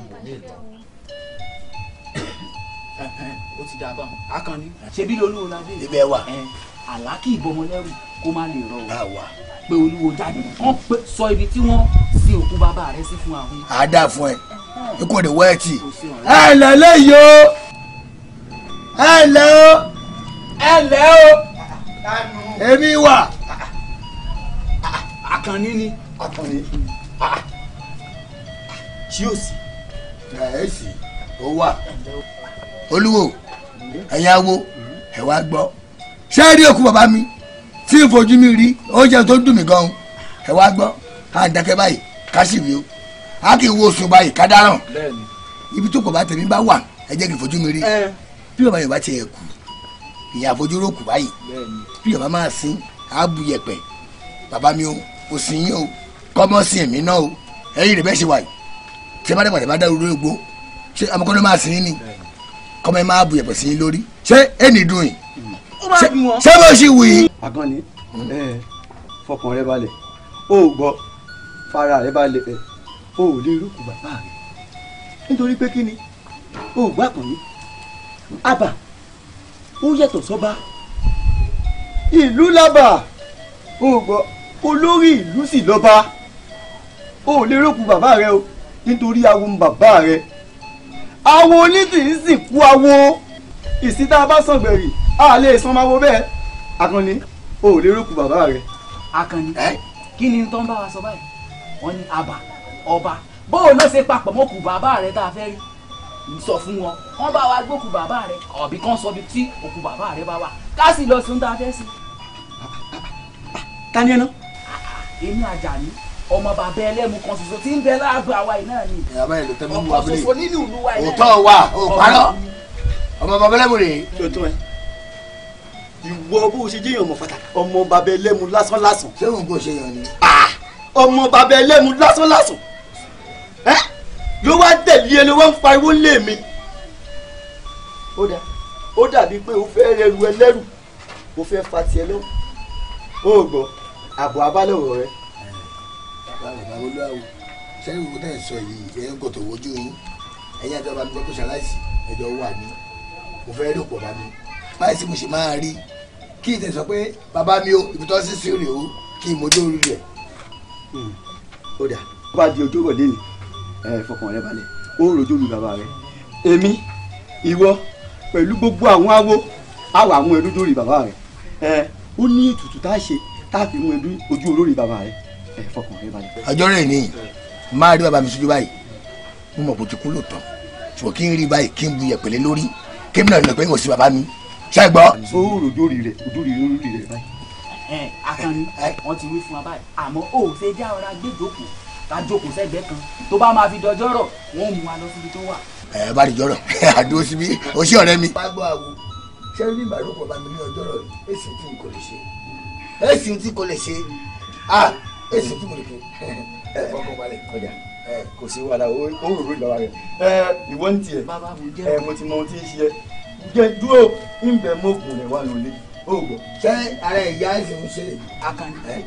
la dé. ibẹ̀ wà àlá kì í bọmọ lẹ́rù kó má lè rọ o pé olúwo jáde wọ́n pé sọ ibi tí wọ́n sí òkú bàbá rẹ sí fún àwọn. àdá fún ẹ n kò ní wẹ́ẹ̀tì ẹ lẹ lẹ́yìn o ẹ lẹ o ẹ lẹ o èmi wà. àkànní ni. àkànní tí ó sì. ẹ sì ó wà olúwo ẹ̀yin awo ẹ wá gbọ́ ṣé rí òkú bàbá mi tí n fojú mi rí oúnjẹ tó dùn mí gan ẹ wá gbọ́ à ń dákẹ́ báyìí ká sì wí o a kì í wo oṣù báyìí ká dáràn ibi tó bàbá tèmi bá wà ẹ jẹ́ kí n fojú mi rí bí bàbá yorùbá tiẹ̀ kú ìyá àfojúrò kù báyìí bí bàbá máa sin àbù yẹ̀pẹ̀ bàbá mi o kò sí yín o kọ́mọ́ sí èmi náà o ẹ̀yin rẹ̀ bẹ́ẹ̀ ṣe wà yìí tí ẹ bá dàgbàdà bá dá oró egbò ṣé ọmọkùnrin máa sin yín ni kọ́mọ́ ẹ máa bù yẹ̀pẹ̀ sí yín lórí ṣé ẹnì dùn yìí ṣé bó ṣì wù yìí. àkànní fọkàn rẹ balẹ̀ o ò gbọ́ fara rẹ balẹ̀ ẹ̀ o ò lè rúkú bàbá rẹ nítorí pé kí ni o ò gbọ́ àkànní àbà ó yàtọ̀ sọ́ba ìlú lábà o ò gbọ́ olórí ìlú sì lọ́ba o ò lè rúkú bàbá rẹ o nítorí awo ń bàbá rẹ awo onídìí sì kú awo ìsítá bá sàn gbẹ̀rì a lè san máa wo bẹ́ẹ̀ akànnì o ò lérò kù bàbá rẹ. akànnì kí ni tó ń bá wa sọ báyìí wọn ní àbà ọba bóun náà ṣe papọ̀ mọ́ kù bàbá rẹ tá a fẹ́ rí sọ fún wọn wọn bá wa gbókù bàbá rẹ ọ̀bí kan sọ bí tí òkú bàbá rẹ bá wà ká sì lọ sí ohun tá a fẹ́ sí. ta ni ẹ ná. èmi Àjàní ọmọ bàbá ẹlẹ́mu kan ṣoṣo tí ń bẹ láàbù àwa yìí náà ni. ìyàbá ẹ̀ ló tẹ́ mọ́ mú abúlé ọkọ̀ ṣoṣo nínú ìlú wa yìí náà. òótọ́ wà òpárọ̀ ọmọ bàbá ẹlẹ́mu rèé. tó tó ẹ ìwọ bó ṣe jẹyàn ọmọ fata ọmọ bàbá ẹlẹ́mu lásán lásán. ṣé òun kò ṣe yàn ni. ọmọ bàbá ẹlẹ́mu lásán lásán ló wá tẹ̀lé ẹ ló wá ń pariwo lé mi. ó dà ó dàbí pé o fẹ́ rẹrù ẹlẹ́rù o fẹ́ fa tiẹ̀ lọ́wọ́ ó gbọ́ àbọ̀ abálẹ̀wò rẹ. báwo báwo ló wà wò sẹ́yìn wo náà sọ yìí ẹ̀yìn kò tó wojú yín ẹ̀yìn àjọba mi jẹ́ kó ṣaláìsì ẹ̀jọ̀ wà ní mo fẹ́ rí òpò bá mi báyìí sí mo ṣe máa rí kí ìtẹ̀ sọ pé bàbá mi ò ibi tó ń sísìn rè o kí n mojú orí rẹ̀. Hmm. ó dà ó bá di ojú rọ̀ lẹ́nu fọkàn rẹ balẹ̀ ó ń rojú mi bàbá rẹ èmi ìwọ pẹ̀lú gbogbo àwọn awo àwọn àwọn ẹdún dórí bàbá rẹ ó ní ètùtù tá a ṣe tá a fi mú ẹdún ojú olórí bàbá rẹ fọkàn rẹ balẹ̀. ọjọ́ rẹ̀ ni máa rí bàbá mi sójú báyìí mo mọ̀ kó ti kú lóòótọ́ ṣùgbọ́n kí n rí báyìí kí n bu yẹ̀pẹ̀lẹ́ lórí kí n náà lọ pé n kò sí bàbá mi ṣẹgbọ. sóòrò ojórí rẹ ojórí rẹ ojórí rẹ. akànnì wọn ti wí fún wa báyìí àmọ́ ó ṣe jẹ àwọn agbẹjọkọ ká jókòó sẹ́gbẹ̀ẹ́ kan tó bá máa fi dọjọ́ rọ wọn ò mú wa lọ síbi tó wà. ẹ bá dìjọ rọ àdúró síbi o ṣé ọ̀rẹ́ mi. bá gbọ́ àwo ṣé ní ìbàdókò bá mi ní ọjọ́ rọ èsì tí n kò lè ṣe èsì tí kò lè ṣe èsì tí mo lè ṣe ẹ kọ́kọ́ balẹ̀ kọjá kò sí wàhálà ó rò lọ́wọ́ rẹ̀ ìwọ ń tiẹ̀ mo ti mọ ohun tí ń ṣe jẹ dúró ńbẹ mọ́kùn rẹ̀ wà lólè ó gbọ́. ṣé ara ìyá ẹ̀sìn ń ṣe akànnì. ẹ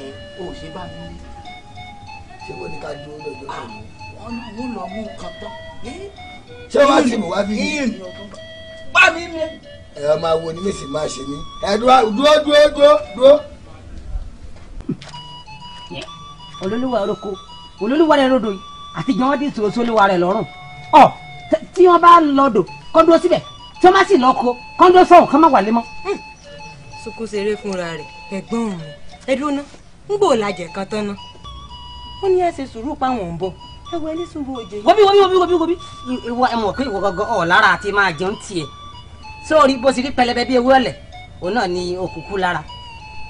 ẹ ò ṣe bá mi rí. ṣé wọ́n ní ká dúró lọ́jọ́ náà. Ah, wọ́n náà wọ́n lọ mú nǹkan tán. ṣé wàá sì mú wá bí mi. bá mi lé. ẹ̀rọ máa wo ni mèsì máa ṣe mí. ẹ dúró dúró dúró dúró. olólùwà oroko olólùwà rẹ̀ lọ́dọ̀ yìí àtijọ́ wọn dín sòròsò olúwa rẹ̀ lọ́rùn ọ̀ tí wọ́n bá lọ́dọ̀ kọ́ dúró síbẹ̀ tí wọ́n bá sì lọ́kọ kọ́ńdọ́ sọ̀rọ̀ má wà lé mọ́. Hmm. fúnra rẹ ẹgbọn mi ẹ dúná ń gbò kan ní ẹ ṣe sùúrù pa àwọn ẹ wọ wọbi wọbi wọbi wọbi. ìwọ ẹ pé ìwọ gangan lára àti máa jẹun sórí bó ṣe rí pẹlẹbẹ bí òun náà ni òkùnkù lára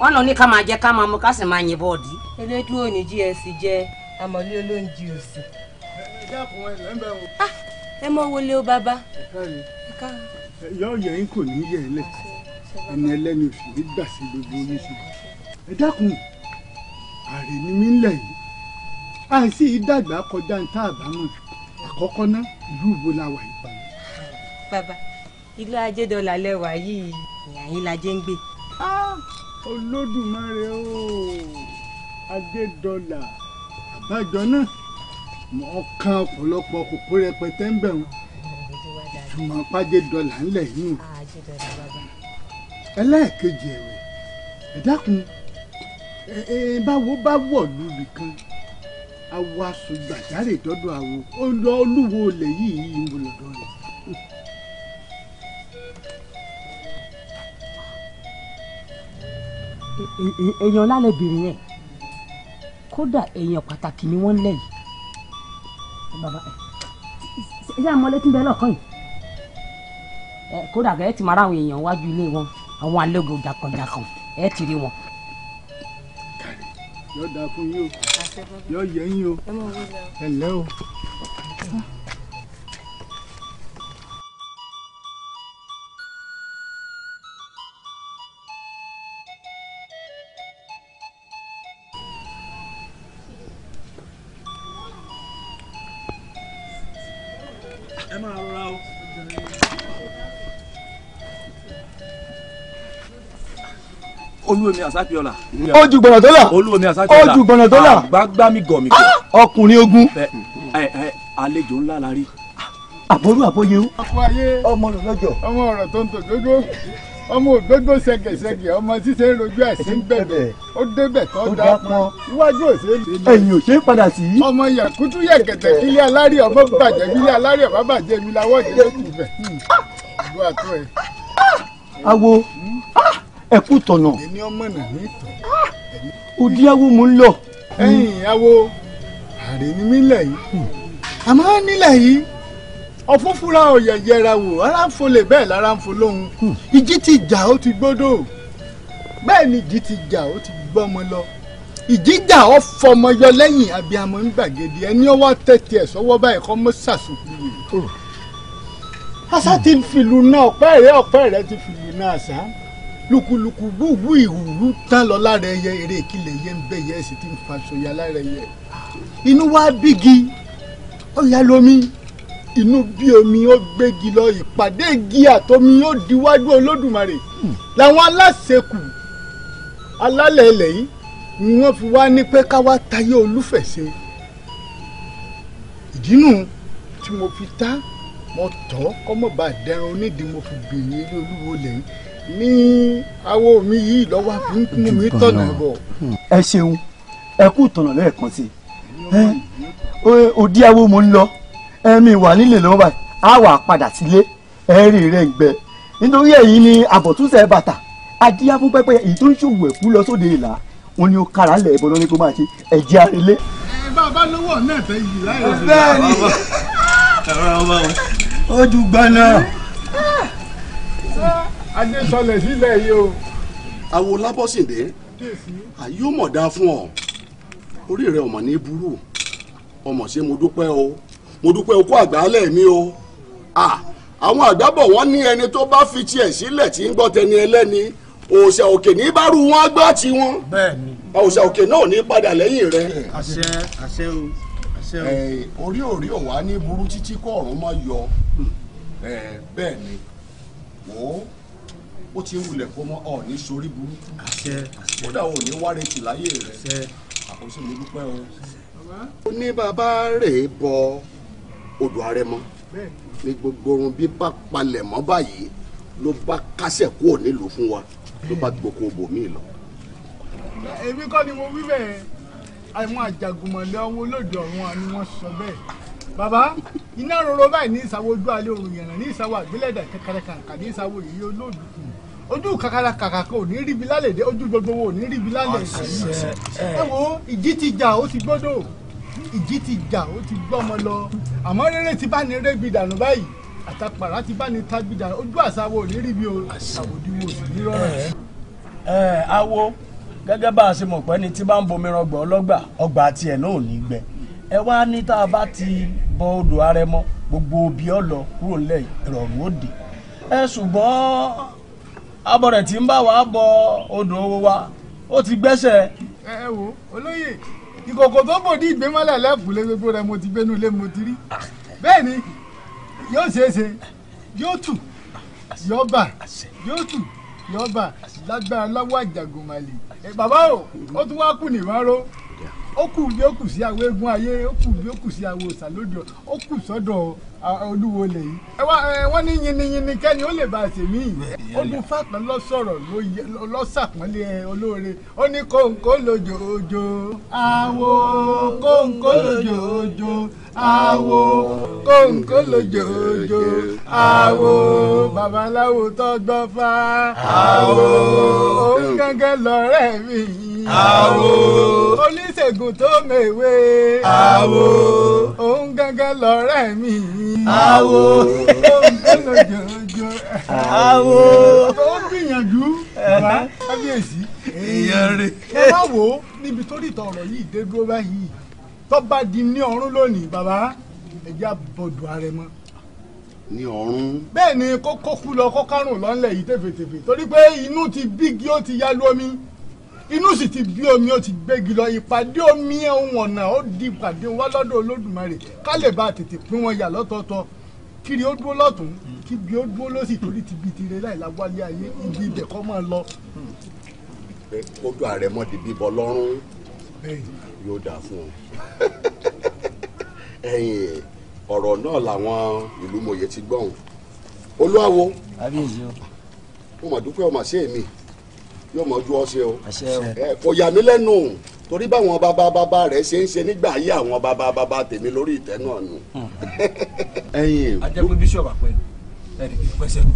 wọn náà ní ká máa jẹ ká máa mu ká sì máa yìnbọn ọ̀dí. elédùn òní gsc jẹ amọ̀lé ìyá ọ̀yà yín kò ní yẹ̀ ẹ́lẹ̀ ẹni ẹlẹ́ni oṣù ní gbà sí gbogbo oníṣe ẹ dákun ààrẹ ni mí ń lẹ̀ yìí àìsí ìdàgbà kọjá ní tá àbámọ̀ àkọ́kọ́ ìlú ìbò la wà yìí pàmò. bàbá ìlú ajédọ̀là lẹ́wà yìí ìyàyín lajẹ́ ń gbé. olódùmarè o ajédọ̀là àbájọ náà mọ̀ ọ́ kan ọ̀pọ̀lọpọ̀ kòkó rẹpẹtẹ ń bẹ̀ wọ́n ìtumọ̀ pàjẹ́ dọ́là ńlẹ̀ yìí o ẹlẹ́ẹ̀kejì ẹ̀wẹ̀ ẹ dákun báwo bá wọ̀ lùbì kan awo aṣọ gbàjáre dọ́dọ̀ àwo ọlọ olúwo olè yìí yìí ń bọ̀lọ̀dọ̀ rẹ̀. èèyàn lálẹ́ bìrì yẹn kódà èèyàn pàtàkì ni wọ́n ń lẹ̀ yìí. ẹ jẹ́ àmọ́ létí bẹ́ẹ̀ lọ́kàn yìí kódà ẹ ti máa ráwọn èèyàn wájú ilé wọn àwọn alógo jàkànjàkàn ẹ ti rí wọn. yóò dáa fún yín o yóò yẹ yín o ẹ lẹ́ o. olúwèmí àsápìọ́là. ojú gbọ̀nà tó là. olúwèmí àsápìọ́là ojú gbọ̀nà tó là. àgbàgbà ah, mi gọ̀ mi ah! gọ̀. ọkùnrin ogun. ẹ ẹ àlejò ńlá la rí. àbórú àbóyé o. ọmọ rẹ lọ́jọ́. ọmọ ọ̀rọ̀ tó ń tò gbogbo ọmọ ògbógbó ṣẹgẹṣẹgẹ ọmọ ṣíṣe rojú ẹsẹ ń bẹ̀bẹ̀ ó débẹ̀ tó dá pọn iwájú òṣè lè. ẹ̀yìn ò ṣe é padà sí. ọmọ yẹkutu yẹkẹtẹ kílé alárì ọmọ bàjẹ́ kílé alárì ọmọ bàjẹ́ mi lawọ́ jẹ́ lójú bẹ̀. Ah! awo. Hmm? ẹ kú tọ̀nà. èmi ọmọ nà ní ìtàn. òdi awo mo ń lọ. ẹ̀yin awo àrè ni mí lẹ̀ yìí àmọ́ nílẹ̀ yìí ọ̀fúnfúnra ọ̀yẹ̀ yẹra wò ara ń folè bẹ́ẹ̀ lára ń folóhun hmm. ìjì ti jà ó ti gbódò bẹ́ẹ̀ ni ìjì ti jà ó ti gbọ́mọ lọ ìjíjà ọ fọmọ yọ lẹ́yìn abiyamọ ń gbàgede ẹni ọwọ́ tẹ̀tì ẹ̀ báyìí kọ́ mọ́ sàṣùkú asa hmm. ti fìlù náà ọ̀pẹ́ rẹ̀ ọ̀pẹ́ rẹ̀ ti fìlù náà sá lùkùlùkù búùbú ìrùrù tán lọ lára ẹyẹ eré ìkìlẹ̀ ẹyẹ ń bẹ̀ yẹ ẹ sì ti ń faṣọya lára ẹyẹ inú wa bígi ọ̀yà lomi inú bí omi ó gbégi lọ ìpàdé igi àtomi ó diwájú olódùmarè hmm. làwọn aláṣekù alálẹ̀ ilẹ̀ yìí ni wọ́n fi wá ní pé ká wá tayé olúfẹ̀ ṣe ìdínú tí mo fi ta mo tọ́ kọ́mọ̀bá dẹran onídìí mo fi gbìyànjú olúwo lẹ́yìn ní awo mi yìí lọ́wọ́ fi ń mú mi tọ̀nà bọ̀. ẹ ṣeun ẹ kú tọ̀nà lẹ́ẹ̀kan sí i òdi awo mo ń lọ ẹ̀mí wà nílé lọ́wọ́ báyìí á wà padà sílé ẹ̀rì rẹ̀ ń gbẹ nítorí ẹ̀yìn ni àbọ̀túnṣe bàtà adíyàfún pẹ́pẹ́ èyí tó ń ṣòwò ẹ̀kú lọ sóde ìlà wọn ni ó kára lẹ̀ ẹ̀bọ̀n lọ́ní kó máa ṣe ẹ̀jẹ̀ àrẹ̀lé. ẹ bá a bá lówó náà tẹ yìí láì rẹ bẹ́ẹ̀ni ó dùgbọ́n náà adésọlẹ̀ sílẹ̀ yìí o. àwo lábọ́sìndé àyè ó mọ̀ dáa fún ọ orí rẹ ọmọ ní burú ọmọ ṣe mo dúpẹ́ o mo dúpẹ́ o kó àgbálẹ̀ mi o àwọn àgbábọ̀ wọn ní ẹni tó bá fi tiẹ̀ sílẹ̀ tí ń gbọ́ tẹni ẹlẹ́ni òòṣà òkè ní bárù wọn gbá tiwọn òòṣà òkè náà ní padà lẹ́yìn rẹ. àṣẹ àṣẹ o àṣẹ o. orí òrí ọ̀wá ní burú títí kọ́ ọ̀run mọ́ yọ bẹ́ẹ̀ ni wò ó ó ti wulẹ̀ kó mọ́ ọ̀ ní sórí burúkú kódà ò ní wá retí láyé rẹ̀ àkóso mi dúpẹ́ o. ó ní bàbá rẹ̀ bọ odò àrẹ̀mọ ní gbogbo orun bí bá palẹ̀ mọ́ báyìí ló bá kásẹ̀ kúrò nílùú fún wa ló bá gboko bòmíì lọ. èmi kọ́ ni mo wí bẹ́ẹ̀ àwọn àjàgùnmọ̀lẹ́ ọwọ́ olóòjọ́ ọ̀run ni wọ́n sọ bẹ́ẹ̀ bàbá iná roro báyìí ní ìsàwọ̀ ojú alẹ́ òrùn yẹ̀rẹ̀ ní ìsàwọ̀ àgbélẹ̀dẹ̀ kẹkẹrẹ kàǹkà ní ìsàwọ̀ yìí olóòdù kùn ojú kakara kàkà kò ní ríbi lálẹ́dẹ́ ojú gbogbo wo ní ríbi lálẹ́dẹ́ ah, ẹ wo ìjì ti jà ó ti gbọ́dọ̀ ìjì ti jà ó ti gbọ́mọ lọ àmọ́ rere ti bá ní rébi dànù báyìí àtàpàrà ti bá ní tábí dànù ojú àsáwọ̀ ní ríbi o ah, àwòdì wo sì ní rọrùn. ẹ ẹ awo gẹgẹ bá a ṣe mọ̀ pé ni tí bá ń bomi rọgbà ọlọ́gbà ọgbà tiẹ̀ náà ò ní gbẹ ẹ wá ní tá a bá ti bọ odò arẹmọ gbogbo obì ọlọ kúrò nílẹ̀ ìrọ̀rùn òde ẹ ṣùgbọ́n abọ̀rẹ̀ tí ń bá wa bọ odò owó wa ó ti gbẹ́sẹ̀. ẹ ẹ wo olóyè ìkòkò tó bòdì ìgbémọ́lẹ̀ lẹ́kùnlé gbogbo rẹ̀ mo ti gbénu mo ti rí bẹ́ẹ̀ ni yóò yóò tù yóò bà yóò tù yóò bà lágbára lọ́wọ́ bàbá o ó tún wá kù nìwárò ó kù bí ó olúwo lè yí. wọ́n ní yinyinyin kẹ́ni ó lè bá a ṣe mí yìí. olùfàpẹ́ lọ sọ̀rọ̀ lọ olóore ó ní kóńkó lójoojó. àwo kóńkó lójoojó àwo kóńkó lójoojó àwo babaláwo tọgbọ́n fa àwo òǹgẹ́gẹ́ lọ́rẹ́ mi àwo oníṣègùn tó mèwe. àwo òun gángan lọ̀rẹ́ mi awo awo ó gbìyànjú bàbá kábíyèsí èèyàn rẹ̀. ẹ má wo níbi tó dìtọ̀ ọ̀rọ̀ yìí dé dúró báyìí tó bá di ní ọ̀run lónìí bàbá ẹ̀jẹ̀ àbọ̀dọ̀ ààrẹ mọ́ ní ọ̀run. bẹ́ẹ̀ ni kókó kú lọ kó kárùn lọ́nlẹ̀ yìí tẹ̀fẹ̀tẹ̀fẹ̀ torí pé inú ti bí kí ó ti yá lómi inú sì ti bí omi ó ti gbégi lọ ìpàdé omi ẹ̀hún ọ̀nà ó di ìpàdé wa lọ́dọ̀ olódùmarè ká lè bá tètè pín wọn yà lọ́tọ̀ọ̀tọ̀ kiri ó dúró lọ́tún kíbi ó dúró lọ́sì torí ti bi tirẹ̀ láì lágbálẹ̀ ayé ibi ibẹ̀ kọ́ máa lọ. kójú ààrẹ mọ́ ti bíbọ lọ́rùn yóò dáa fún ọ ẹ̀yìn ọ̀rọ̀ náà làwọn ìlú mòye ti gbọ́hùn olúwawo mo mà dúpẹ́ ọmọ sí èmi yóò mọ̀ ju ọsẹ o kò yà mí lẹ́nu torí báwọn bàbá bàbá rẹ̀ ṣe ń ṣe nígbà ayé àwọn bàbá bàbá tèmi lórí ìtẹ́ náà nù. Hmm. ẹyin. ajẹ́pẹ́ bíṣọ̀bù àpẹẹrẹ ẹ̀rí kì í pẹ́sẹ̀ kù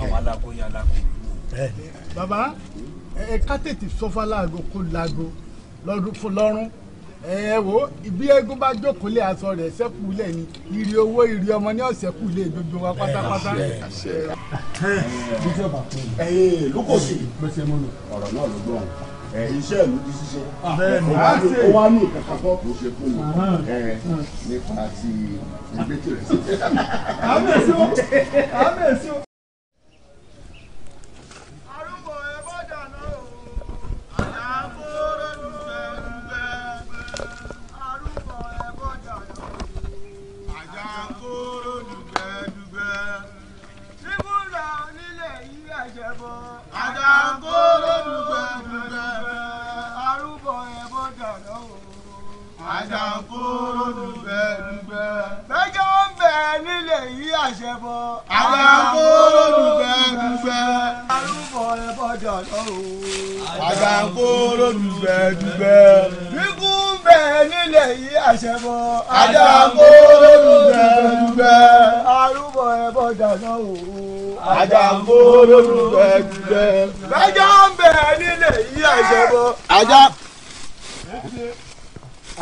àwọn aláàgọ́ yà aláàgọ́. bàbá ẹ ká tètè sọfà láago kó laago lọ́dún fún lọ́rùn ẹ wo ibi eégún bá jókòó lé aṣọ rẹ̀ ṣẹ́kù lẹ́ni ìrì owó ìrì ọmọ ní ọ̀sẹ̀ kù lé gbogbo wa pátápátá lóko sí ọ̀rọ̀ náà ló gbọ́n iṣẹ́ ìlú di ṣíṣe ó wá ní ìkẹ́kọ̀ọ́ tó ṣe fún mi nípa ti ìgbésẹ̀ rẹ̀ o àmì èsì ẹbọ. àwọn akólólùfẹ́ dúfẹ́. arúgbó ẹbọ dọ̀dọ̀ o. àwọn akólólùfẹ́ dúfẹ́. ikú bẹ nílẹ̀ yìí àṣẹbọ. àwọn akólólùfẹ́ dúfẹ́. arúgbó ẹbọ dọ̀dọ̀ o àjàmbó lólùfẹ́ gbẹ. lọ́jọ́ ń bẹ nílẹ̀ yí àjẹbọ. ajá.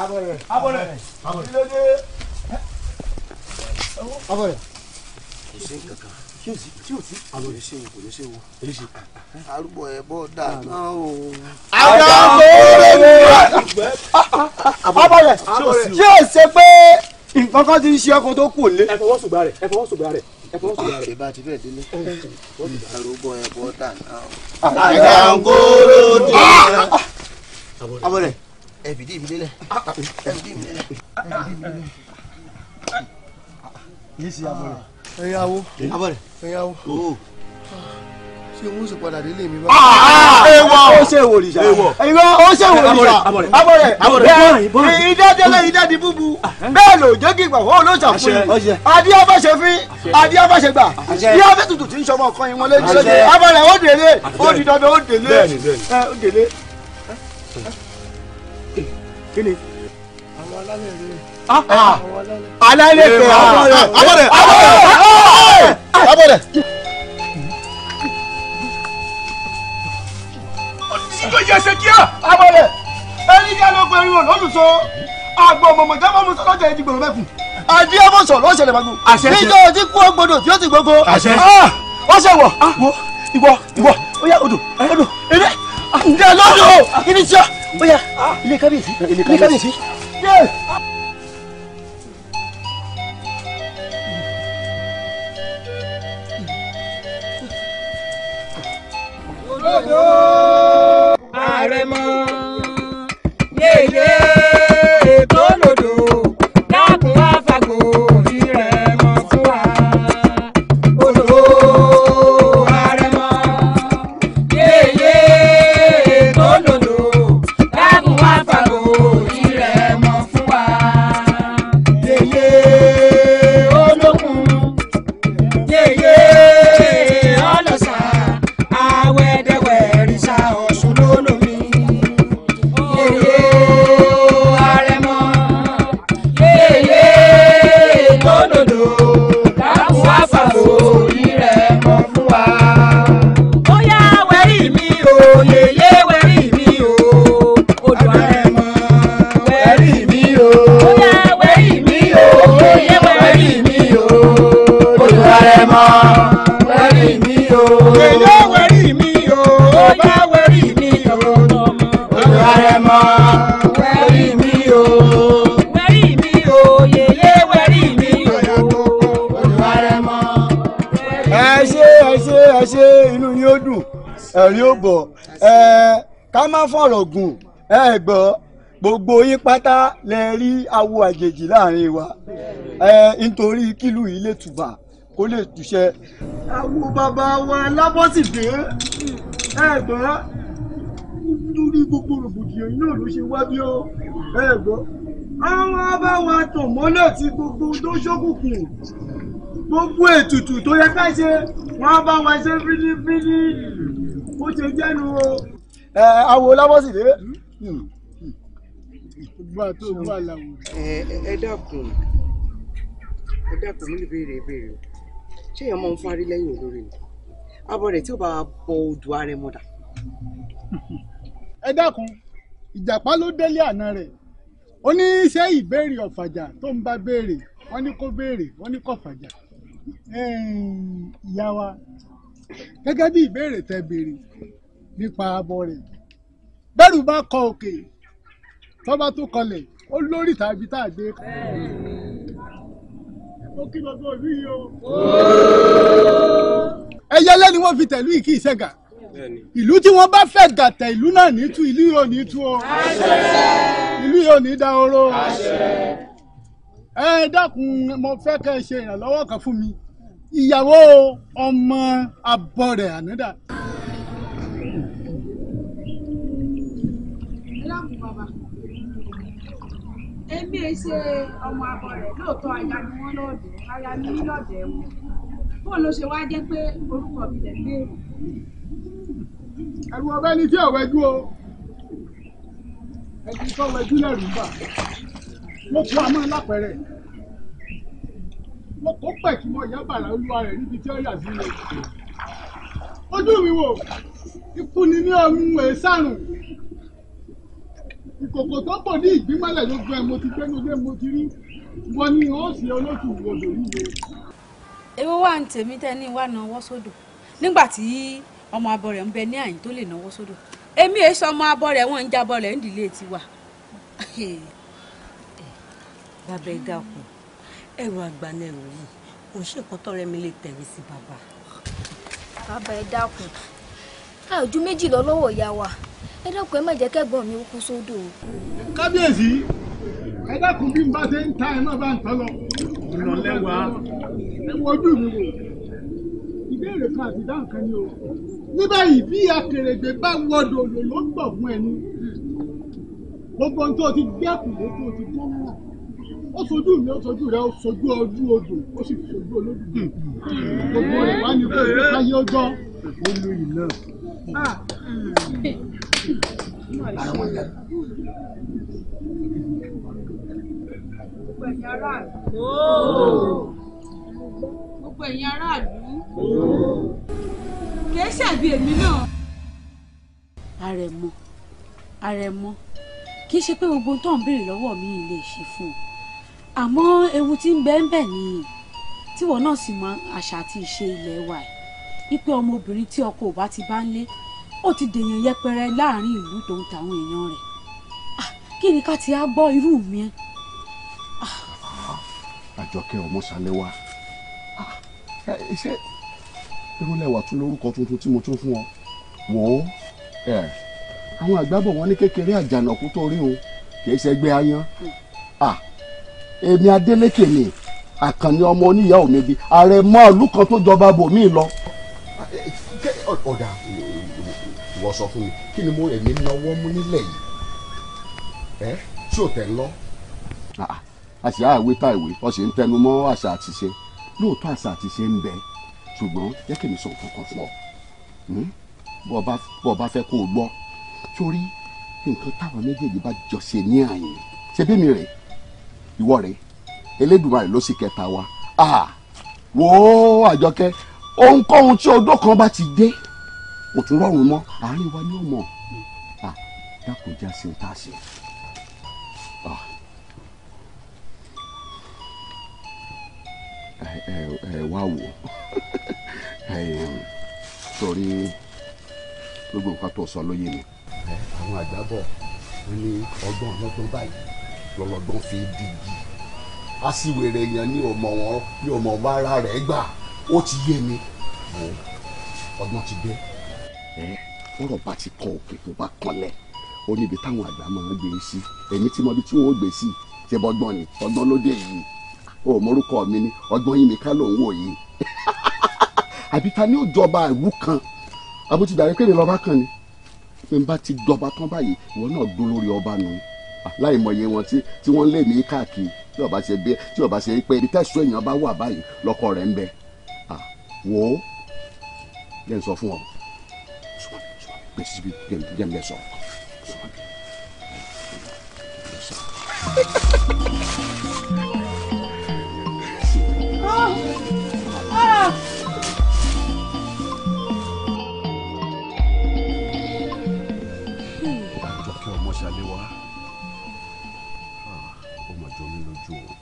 abọ̀rẹ̀ abọ̀rẹ̀ abọ̀rẹ̀ sí nǹkan kan tí ò sí tí ò sí. àwọn ò lè ṣe kò lè ṣe wo. èyí ṣe. arúgbó ẹ bọ́ dáa náà o. àwọn akóore mi. abalẹ̀ ṣé o ṣe pé nǹkan kan ti ń ṣe ọkàn tó kù lé. ẹ fọwọ́ sùgbà rẹ̀ ẹ fọwọ́ sùgbà rẹ̀ ẹ fọwọ́ sùgbà rẹ̀. ìbá ti fẹ́ délé. arúgbó ẹ bọ́ dáa náà o. àwọn akóore mi. abalẹ̀ ẹ fìdí mi lélẹ̀ ẹ fìdí mi lélẹ̀. yìí ṣe abalẹ̀ ẹ̀yàwó ẹ̀yàwó ṣé wọ́n sì padà délé mi báyìí. Ah, ah! ewọ ó ṣe wò rìṣà ewọ ó ṣe wò rìṣà abọrẹ abọrẹ ìdádélé ìdádi búbu ah, bẹ́ẹ̀ ló jẹ́kí ìgbà wọ́n ló ṣàfihàn adíyàbáṣe fín adíyàbáṣe gbà bí abẹ́ tuntun ti ń ṣọmọ ọkàn yìí wọn lójú abọrẹ ó délé ó di dandan ó délé eh, ó délé. kí ni alálẹ̀ fẹ́ abọ́dẹ̀ abọ́dẹ̀ abọ́dẹ̀. ọtí yóò yẹ ṣe kíá abọ́dẹ̀ ẹni kí alóògùn ẹni wọn lọ́lùsọ àgbọ̀ mọ̀mọ̀ jábọ̀ musa lọ́jà ìdìgbò rẹ̀ kù. àdí ẹ mọ̀ sọ̀rọ̀ ó ṣẹlẹ̀ magun. níjọ́ ojú kú ọgbọ́dọ̀ tí ó sì gbogbo. ó ṣe wọ̀ ìwọ ìwọ ó yá odò odò ilé ǹjẹ́ lọ́dọ̀ ìníṣẹ́ ó yá ilé kábíyèsí ilé kábíyèsí. Yes! Olódò! Yeah, Yéyé! bá wẹ̀rí mi o. Èyí ó wẹ̀rí mi o, ó bá wẹ̀rí mi o. Olùwà rẹ̀ mọ́ wẹ̀rí mi o. Wẹ̀rí mi o, yèyé wẹ̀rí mi o. Olùwà rẹ̀ mọ́ wẹ̀rí mi o. Ẹ ṣe ẹ ṣe ẹ ṣe inú ni ó dùn, ẹ̀rí ó bọ̀. Ẹ ká má fọ̀rọ̀ gùn, ẹ gbọ́ gbogbo yín pátá lè rí awo àjèjì láàrin wa ẹ nítorí kílù yìí lè tùbà kó lè túṣẹ́. àwọn bàbá wa lábọ́sìdé ẹ̀gbọ́n lórí gbogbo rògbòdìyàn náà ló ṣe wá bí ọ ẹ̀gbọ́n àwọn abáwa tàn mọ́lẹ̀ tí gbogbo tó ṣókùnkùn gbogbo ètùtù tó yẹ ká ṣe wọn bá wa ṣe fínífíní ó ṣe jẹ́nu o. ẹ awo lábọ́sìdé hmm. gbà tó wà láwùjọ. ẹ ẹ dákun ẹ dákun mi lè béèrè béèrè o. ṣé èèyàn máa ń fárí lẹ́yìn olórí ni abọ́ rẹ̀ tí ó bá bọ odò ààrẹ mọ́dà. ẹ dákun ìjàpá ló délé àná rẹ̀ ó ní ṣé ìbéèrè ọ̀fàjà tó ń bá béèrè wọ́n ní kó béèrè wọ́n ní kó fàjà ìyá wa gẹ́gẹ́ bí ìbéèrè tẹ béèrè nípa abọ́ rẹ̀ bẹ́rù bá kọ òkè tọ́ba tó kọlẹ̀ ó lórí tàbí tá ó kí gbogbo ni wọ́n fi tẹ̀lú ìkí ìṣẹ́gà ìlú tí wọ́n bá fẹ́ gàtẹ̀ ìlú náà ní tú ìlú yóò ní tú o ìlú yóò ní dahoro ẹ dákun mo fẹ́ kẹ́ ẹ ṣe ìrànlọ́wọ́ kan fún mi ìyàwó ọmọ abọ́rẹ̀ ànádà. èmi ẹ ṣe ọmọ abọ rẹ lóòótọ́ aya ni wọn lọdẹ aya ni mí lọdẹ wọn bó ló ṣe wáá jẹ pé orúkọ mi lẹ léèrè. ẹ̀rù ọbẹ̀ ni tí ò wẹ́jú o ẹ̀rù tó wẹ́jú lẹ́rù bà mo kó àmọ́ lápẹ̀rẹ̀ mo kó pẹ̀ kí mo yá bàrà olúwa rẹ̀ níbi tí ó yà sí mi ojú mi wò ikú ni ní ọmú ẹ̀ sárùn ìkòkò tó pò ní ìgbímọ̀lẹ̀ ló gbẹ mo ti gbẹ́nu dé mo ti rí wọn ni ó sì olóṣù odò yíyẹ. èwo wà ní tèmi tẹ́ ní wà náwó sódò nígbà tí ọmọ abọ rẹ̀ ń bẹ ní àyín tó lè náwó sódò èmi èyí sọ ọmọ abọ rẹ̀ wọ́n ń jábọ̀ rẹ̀ ń dìlé tiwa. bàbá ẹ dákun ẹrù àgbà náà ẹrù yìí kò ṣe ìkọtọ rẹ mi lè tẹ̀lé sí bàbá. bàbá ẹ dákun ká ojú méjì lọ lọ́wọ́ ìyá wa ẹ dákun ẹ má jẹ́ kẹ́gbọ́n mi kú sódò. kábíyèsí ẹ dákun bí n bá ṣe ń ta ẹ náà bá ń tán lọ. ìnà lẹ́wà. ẹ wojú mi wò ìbéèrè kan àti ìdáhùn kan ni o. ní báyìí bí akèrègbè bá wọdò lò ló ń gbọ̀ fún ẹni. gbogbo ohun tó ti gbẹ́kùn ló tó ti gbọ́ náà ó sojú mi ó sojú rẹ ó sojú ojú odò ó sì sojú olódùn gbogbo rẹ wá ní kó káyé ó gbọ́. ó lóyún náà. Ah para aguantar. gbogbo ẹ̀yin aráàlú kìí ṣàbí èmi náà. àrẹ̀mọ àrẹ̀mọ kì í ṣe pé gbogbo tó ń béèrè lọ́wọ́ mi lè ṣe fún un àmọ́ ewu tí ń bẹ ń bẹ nìyí tíwọ náà sì mọ àṣà àti ìṣe ilé wa ẹ̀ wípé ọmọbìnrin tí ọkọ ò bá ti bá ń lé ó ti dèèyàn yẹpẹrẹ láàrin ìlú tó ń tàwọn èèyàn rẹ̀ ah, kí ni ká ti á gbọ́ irú mi ẹ. Ah. àjọkẹ́ ọmọṣàlẹ́wà iṣẹ́ ah, irúlẹ̀wà tún lórúkọ tuntun tí mo tún fún ọ wò ó àwọn àgbàbọ̀ wọn ní kékeré àjànàkú tó rí o kìí ṣẹgbẹ́ ayan èmi Adélékè ni àkànní ọmọ oníyàwó mi bi ààrẹ mọ́ ọ̀lú kan tó jọba bòmí lọ. ọ̀dà wọ́n sọ fún mi kí ni mo èmi náwó mú nílẹ̀ yìí ẹ tí ò tẹ̀ lọ. àṣà àwé tá ìwé ọ sì ń tẹnu mọ́ àṣà àtiṣe lóòótọ́ àṣà àtiṣe ń bẹ ṣùgbọ́n jẹ́ kí mi sọ nǹkan kan fún ọ hmm? bọ́ ọ bá fẹ́ kó o gbọ́ sórí nǹkan táwọn méjèèjì bá jọ ṣe ní àyìn ṣe bí mi rè ìwọ rè Elédùmarè ló sì kẹta wa ah, wo Àjọkẹ́ ohunkóhun tí ọdún kan bá ti dé kò rọrùn mọ́ àárín wa ni ó mọ̀ dákun já sí ta sí. wá wò torí gbogbo nǹkan tó sọ lóye mi. àwọn àgbàbọ̀ wọn ní ọgbọ́n ọlọ́gbọ́n báyìí lọ́lọ́gbọ́n fi dìgì aṣiwèrè èèyàn ní ọmọ wọn ní ọmọ bá ara rẹ̀ gbà ó ti yé mi ọgbọ́n ti dé bọ́rọ̀ bá ti kan òkè tó bá kanlẹ̀ ó níbi táwọn àgbà máa ń gbé e sí èmi tí mo bí tí wọ́n gbé sí ṣe bọ́gbọ́n ni ọgbọ́n ló dé yìí o morúkọ mi ni ọgbọ́n yìí mi ká ló ń wò yìí àbí ta ni ó jọba ìlú kan àbútí dàrí kéde lọ́ba kan ni pé n bá ti jọba tán báyìí ìwọ náà dún lórí ọba nù láì mọye wọn tí wọ́n lé mi káàkiri tí ọba ṣe bí tí ọba ṣe pé ibi tẹ̀sùn èèyàn bá wà báyìí lọ́kọ rẹ̀ ń bẹ wò ó lè sọ fún ọ bẹ síbi jẹ́ bẹ sọ. Àjọkẹ́ ọmọ Ṣaléwá, ó mà jọ mí lójú o.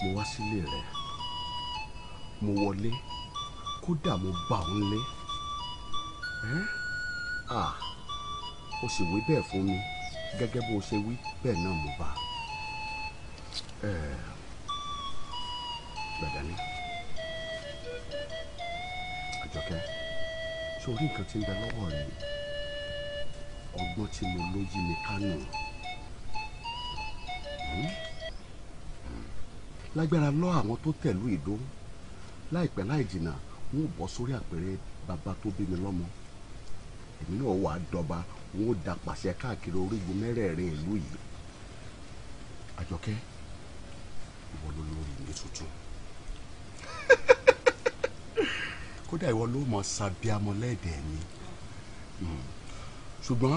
Mo wá sílé rẹ̀, mo wọlé, kódà mo bá òun lé ó ah, sì wí bẹ́ẹ̀ fún mi gẹ́gẹ́ bó ṣe wí bẹ́ẹ̀ náà mo bá gbàdání àjọkẹ́ ṣé orí nǹkan tí ń bẹ lọ́wọ́ rẹ ọgbọ́n tí mo lóyún ní kánò hmm? hmm. lágbára lọ àwọn tó tẹ̀lú ìdó láìpẹ́ láì jìnnà wọn ò bọ́ sórí àpẹẹrẹ bàbá tó bí mi lọ́mọ èmi náà wà á dọba wọn ó da pàṣẹ káàkiri orígun mẹ́rẹ̀ẹ̀rin ìlú yìí àjọkẹ́ ìwọ ló lórí mi tuntun kódà ìwọ ló mọ sabiamọ lẹ́ẹ̀dẹ̀ mi hmm. ṣùgbọ́n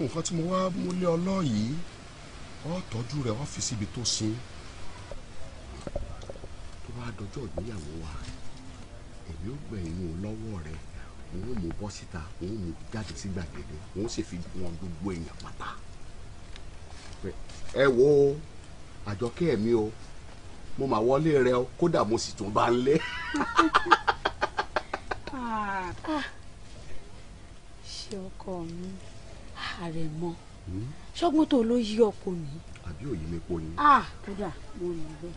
nǹkan tí mo wá múlé ọlọ́ yìí ọ tọ́jú rẹ̀ wọ́n fi síbi tó sin tó bá dọjọ́ ìgbéyàwó wa èmi ò gbẹ̀yìn lọ́wọ́ rẹ̀ òun mú bọ́ síta òun mú jáde sí gbàgede òun sì fi wọn gbogbo èèyàn pátá ẹ wo àjọkẹ́ mi o mo mà wọlé rẹ o kódà mo sì tún bá ń lé. Ah, ah. ṣé ọkọ mi ààrẹ ah, mọ hmm? ṣọgbọ́n tó ló yí ọkọ mi. àbí òye mi pọ̀ ni. kódà mo rí bẹ́ẹ̀.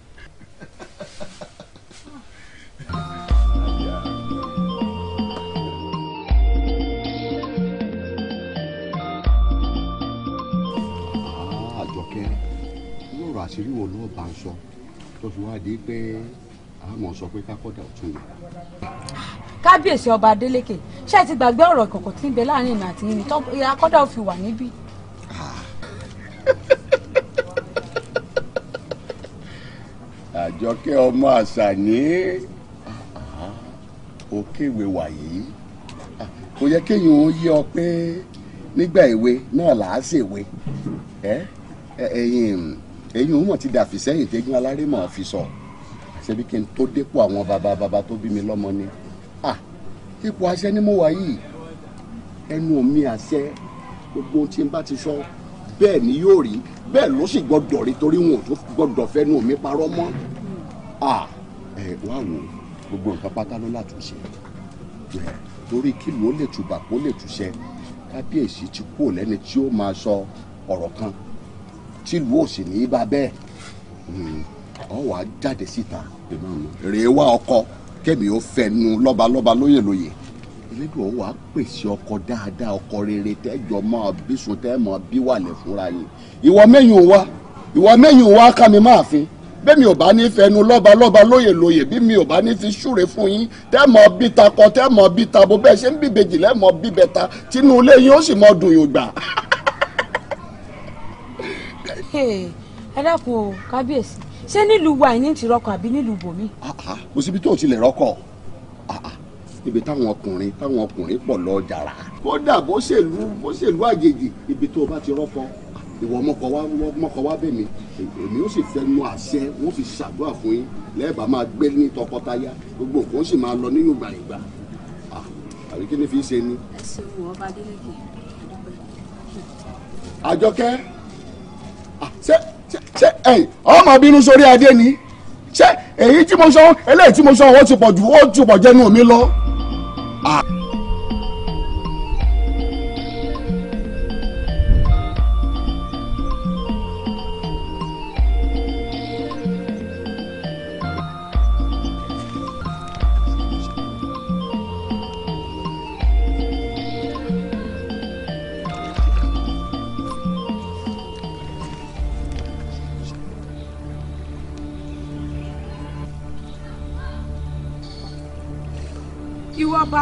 àṣírí wo ló bá ń sọ tó fi wá di pé àmọ́ sọ pé kákọ́dà ọ̀tún ni. kábíyèsí ọba adélékè ṣé ẹ ti gbàgbé ọ̀rọ̀ ìkọ̀kọ̀ tí ń bẹ láàrin ìrìn àti ìrìn tó akọ́dà ò fi wà níbí. Ah. àjọkẹ́ ọmọ àṣà ní òkèwé wàyí kò yẹ kéèyàn ó yé ọ pé nígbà èwe náà làá ṣèwé ẹ̀yin. Eh? Eh, eh, ẹ̀yin òun mọ̀ ti dàfi sẹ́yìn tẹ́gún alárè mọ̀ fi sọ ṣebí kí n tó dépò àwọn bàbá bàbá tó bí mi lọ́mọ ni ah ipò àṣẹ ni mo wà yìí ẹnu mi àṣẹ gbogbo tí n bá ti sọ bẹ́ẹ̀ ni yóò rí bẹ́ẹ̀ ló sì gbọ́dọ̀ rí torí wọn ò tó gbọ́dọ̀ fẹ́nu mi parọ́ mọ́ ah ẹ wá wò gbogbo nǹkan pátá ló látúnṣe torí kílùú ó lè tùbà kó lè túṣẹ kábíyèsí ti kú lẹ́ni tí ó máa sọ ọ̀rọ̀ kan tìlú òsì ní í bá bẹ́ẹ̀ ọ wà á jáde síta rèé wá ọkọ kẹ́mi ó fẹnu lọ́balọ́ba lóyè lóyè elédùn ọwọ́ á pèsè ọkọ dáadáa ọkọ rere tẹ́jọ máa bísun tẹ́ máa bí wàlẹ̀ fúnra yìí ìwọ mẹ́yìn wá ìwọ mẹ́yìn wá ká mi máa fi bẹ́mi ò bá ní fẹnu lọ́balọ́ba lóyè lóyè bí mi ò bá ní fi ṣúre fún yín tẹ́ mọ bí ta kọ tẹ́ mọ bí ta bó bẹ́ẹ̀ ṣe ń bíbejì lẹ́ bíbẹ ta tínú ilé yín ó sì mọ dùn yògbà. ẹ dákun o kábíyèsí ṣé nílùú wa ní ti rọkọ àbí nílùú bòmí. Ah, ah, kò síbi tó ti lè rọkọ ah, ibi táwọn ọkùnrin táwọn ọkùnrin pọ̀ lọ jàrá. kódà bó ṣèlú bó ṣèlú àjèjì ibi tó o bá ti rọkọ ìwọ ọmọkọ wa ọmọkọ wa bẹ̀ mí èmi ó sì fẹnu àṣẹ wọn fi ṣàdúrà fún yín lẹ́ẹ̀bà máa gbé ní tọkọtaya gbogbo nǹkan sì máa lọ nínú ìgbà ìgbà àbí kí ni fi ṣe ni. ẹ ṣe wọ ọba adélèké àjọkẹ́. Ah, ṣé ṣé ẹ̀yìn ọmọ bínú sórí adé ni ṣé èyí tí mo sọ eléyìí tí mo sọ ó ti pọ̀ jù ó ti pọ̀ jẹ́nu mi lọ. Ah.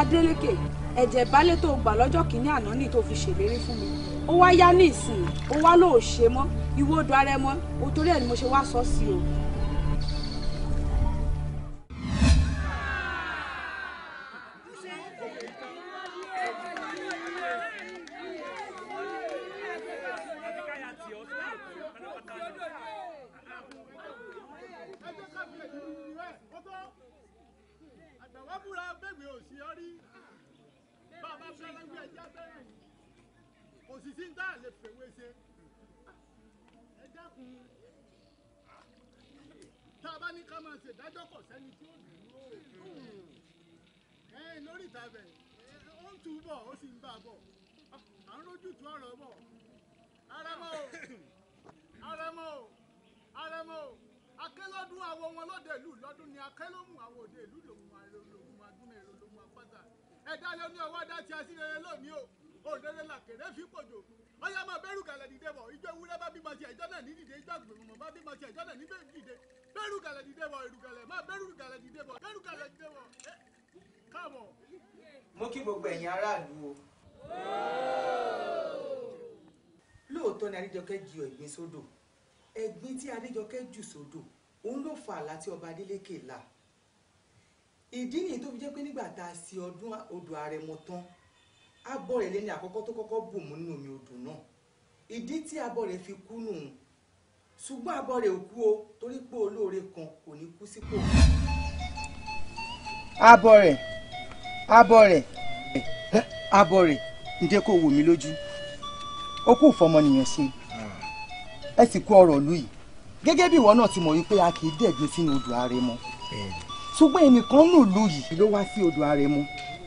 Adélékè ẹ̀jẹ̀ ìbálẹ̀ tó gbà lọ́jọ́ kìíní àná ni tó fi ṣèlérí fún mi ó wá yá ní ìsìn ó wá lóò ṣe mọ́ ìwọ́dọ̀ ara ẹ mọ́ òtórí ẹ̀ ni mo ṣe wá sọ sí o sẹ́ni tí ó dúró ẹ̀ẹ́n lórí ìtàbẹ̀ ó ń tù bọ̀ ó sì ń bà bọ̀ à ń rójútu ọ̀rọ̀ bọ̀ Àrẹ̀mọ o Àrẹ̀mọ o Àrẹ̀mọ o akẹ́lọ́dún àwọ̀ wọn lọ́dẹ ìlú lọ́dún ni akẹ́lọ́mù àwọ̀ òde ìlú lòun àrẹ̀lòun adúmẹ̀rẹ̀ lòun apáta ẹ̀dá lé ní ọwọ́ adá ti asírere lónìí o òrèrè làkèrè fi pòjò ọyá máa bẹ́rù kàlẹ̀ dìde bọ̀ ìjọ ewúrẹ́ bá bímọ tiẹ̀ ìjọ náà ní dìde ìjọ àgbèrè mọ̀ bá bímọ tiẹ̀ ìjọ náà ní dìde bẹ́rù kalẹ̀ dìde bọ̀ ẹ̀rù kalẹ̀ máa bẹ́rù kalẹ̀ dìde bọ̀ bẹ́rù kalẹ̀ dìde bọ̀ eh, káàbọ̀. mo kí gbogbo ẹ̀yin aráàlú o. lóòótọ́ ni adéjọkẹ́ ju ẹ̀gbin sódò ẹ̀gbin tí adéjọkẹ́ jù sódò òun ló fà á láti ọba adélékè là ìdí nìyí tó fi jẹ́ pé nígbà tá a ṣe ọdún odò àrẹ̀mọ tán abọ́ rẹ̀ lẹ́ni àkọ́kọ́ tó kọ́kọ́ bù mú nínú omi odò náà ìdí tí abọ́ rẹ̀ fi kú nù ṣùgbọ́n àbọ̀ rẹ̀ ò kú o torí pé olóore kan kò ní kú sípò. àbọ̀ rẹ̀ àbọ̀ rẹ̀ àbọ̀ rẹ̀ ǹjẹ́ kò wò mí lójú ó kù fọmọnìyàn ṣe ẹ sì kú ọ̀rọ̀ lù yìí gẹ́gẹ́ bí ìwọ náà ti mọ̀ wípé a kì í dẹ̀gbin sínú odò àrẹ̀mọ ṣùgbọ́n ẹnìkan nù lù yìí ló wá sí odò àrẹ̀mọ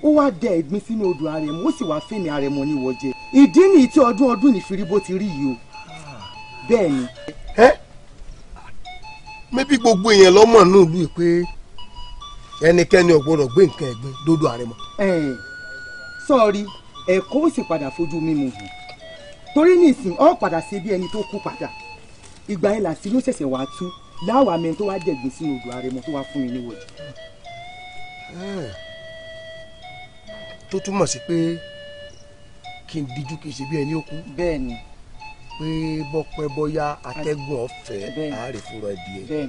ó wá dẹ ẹ̀gbin sínú odò àrẹ̀mọ ó sì wá fèmí àrẹ̀mọ níwọ jẹ ìdí nìyí tí ọdún ọdún nìfiri bó ti rí yìí o bẹ́ẹ̀ ni ẹ mẹbí gbogbo èèyàn lọmọ náà lù pé ẹnikẹ́ni ò gbọ́dọ̀ gbé nǹkan ẹ̀gbin dódò àrẹ̀mọ. sọ́ọ̀rì ẹ̀kọ́ ó sì padà fojú mímu hù torí nísìn ọ́ padà ṣe bí ẹni tó kú padà ìgbà yẹn làsí ló ṣẹ̀ṣẹ̀ wàá tú láwàá mẹ́rin tó wá jẹ̀gbìn sínú odò àrẹ̀mọ tó wá fún mi níwọ̀jù. tó túmọ̀ sí pé kí n díjú kí n ṣe bí ẹni ó kú. bẹ́ẹ̀ pé bọ́pẹ́ bóyá atẹ́gùn ọ̀fẹ́ àárẹ̀ fúnra ẹ̀ díẹ̀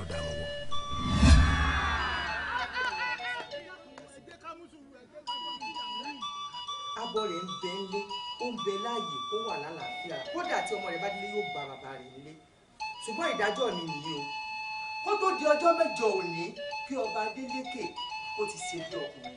ọ̀dà wọn wọ. ń bẹ ó ń bẹ láàyè ó wà lálàáfíà kódà tí ọmọ rẹ̀ bá délé yóò bá bàbá rẹ̀ nílé ṣùgbọ́n ìdájọ́ mi nìyí o ó tó di ọjọ́ mẹ́jọ òní kí ọba Adélékè ó ti ṣe bí ọkùnrin.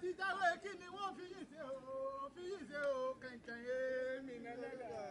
ti jáwé kí ni wọ́n fi yìí ṣe o fi yìí ṣe o kẹ̀kẹ́ yé mi nẹ́lẹ́dẹ̀.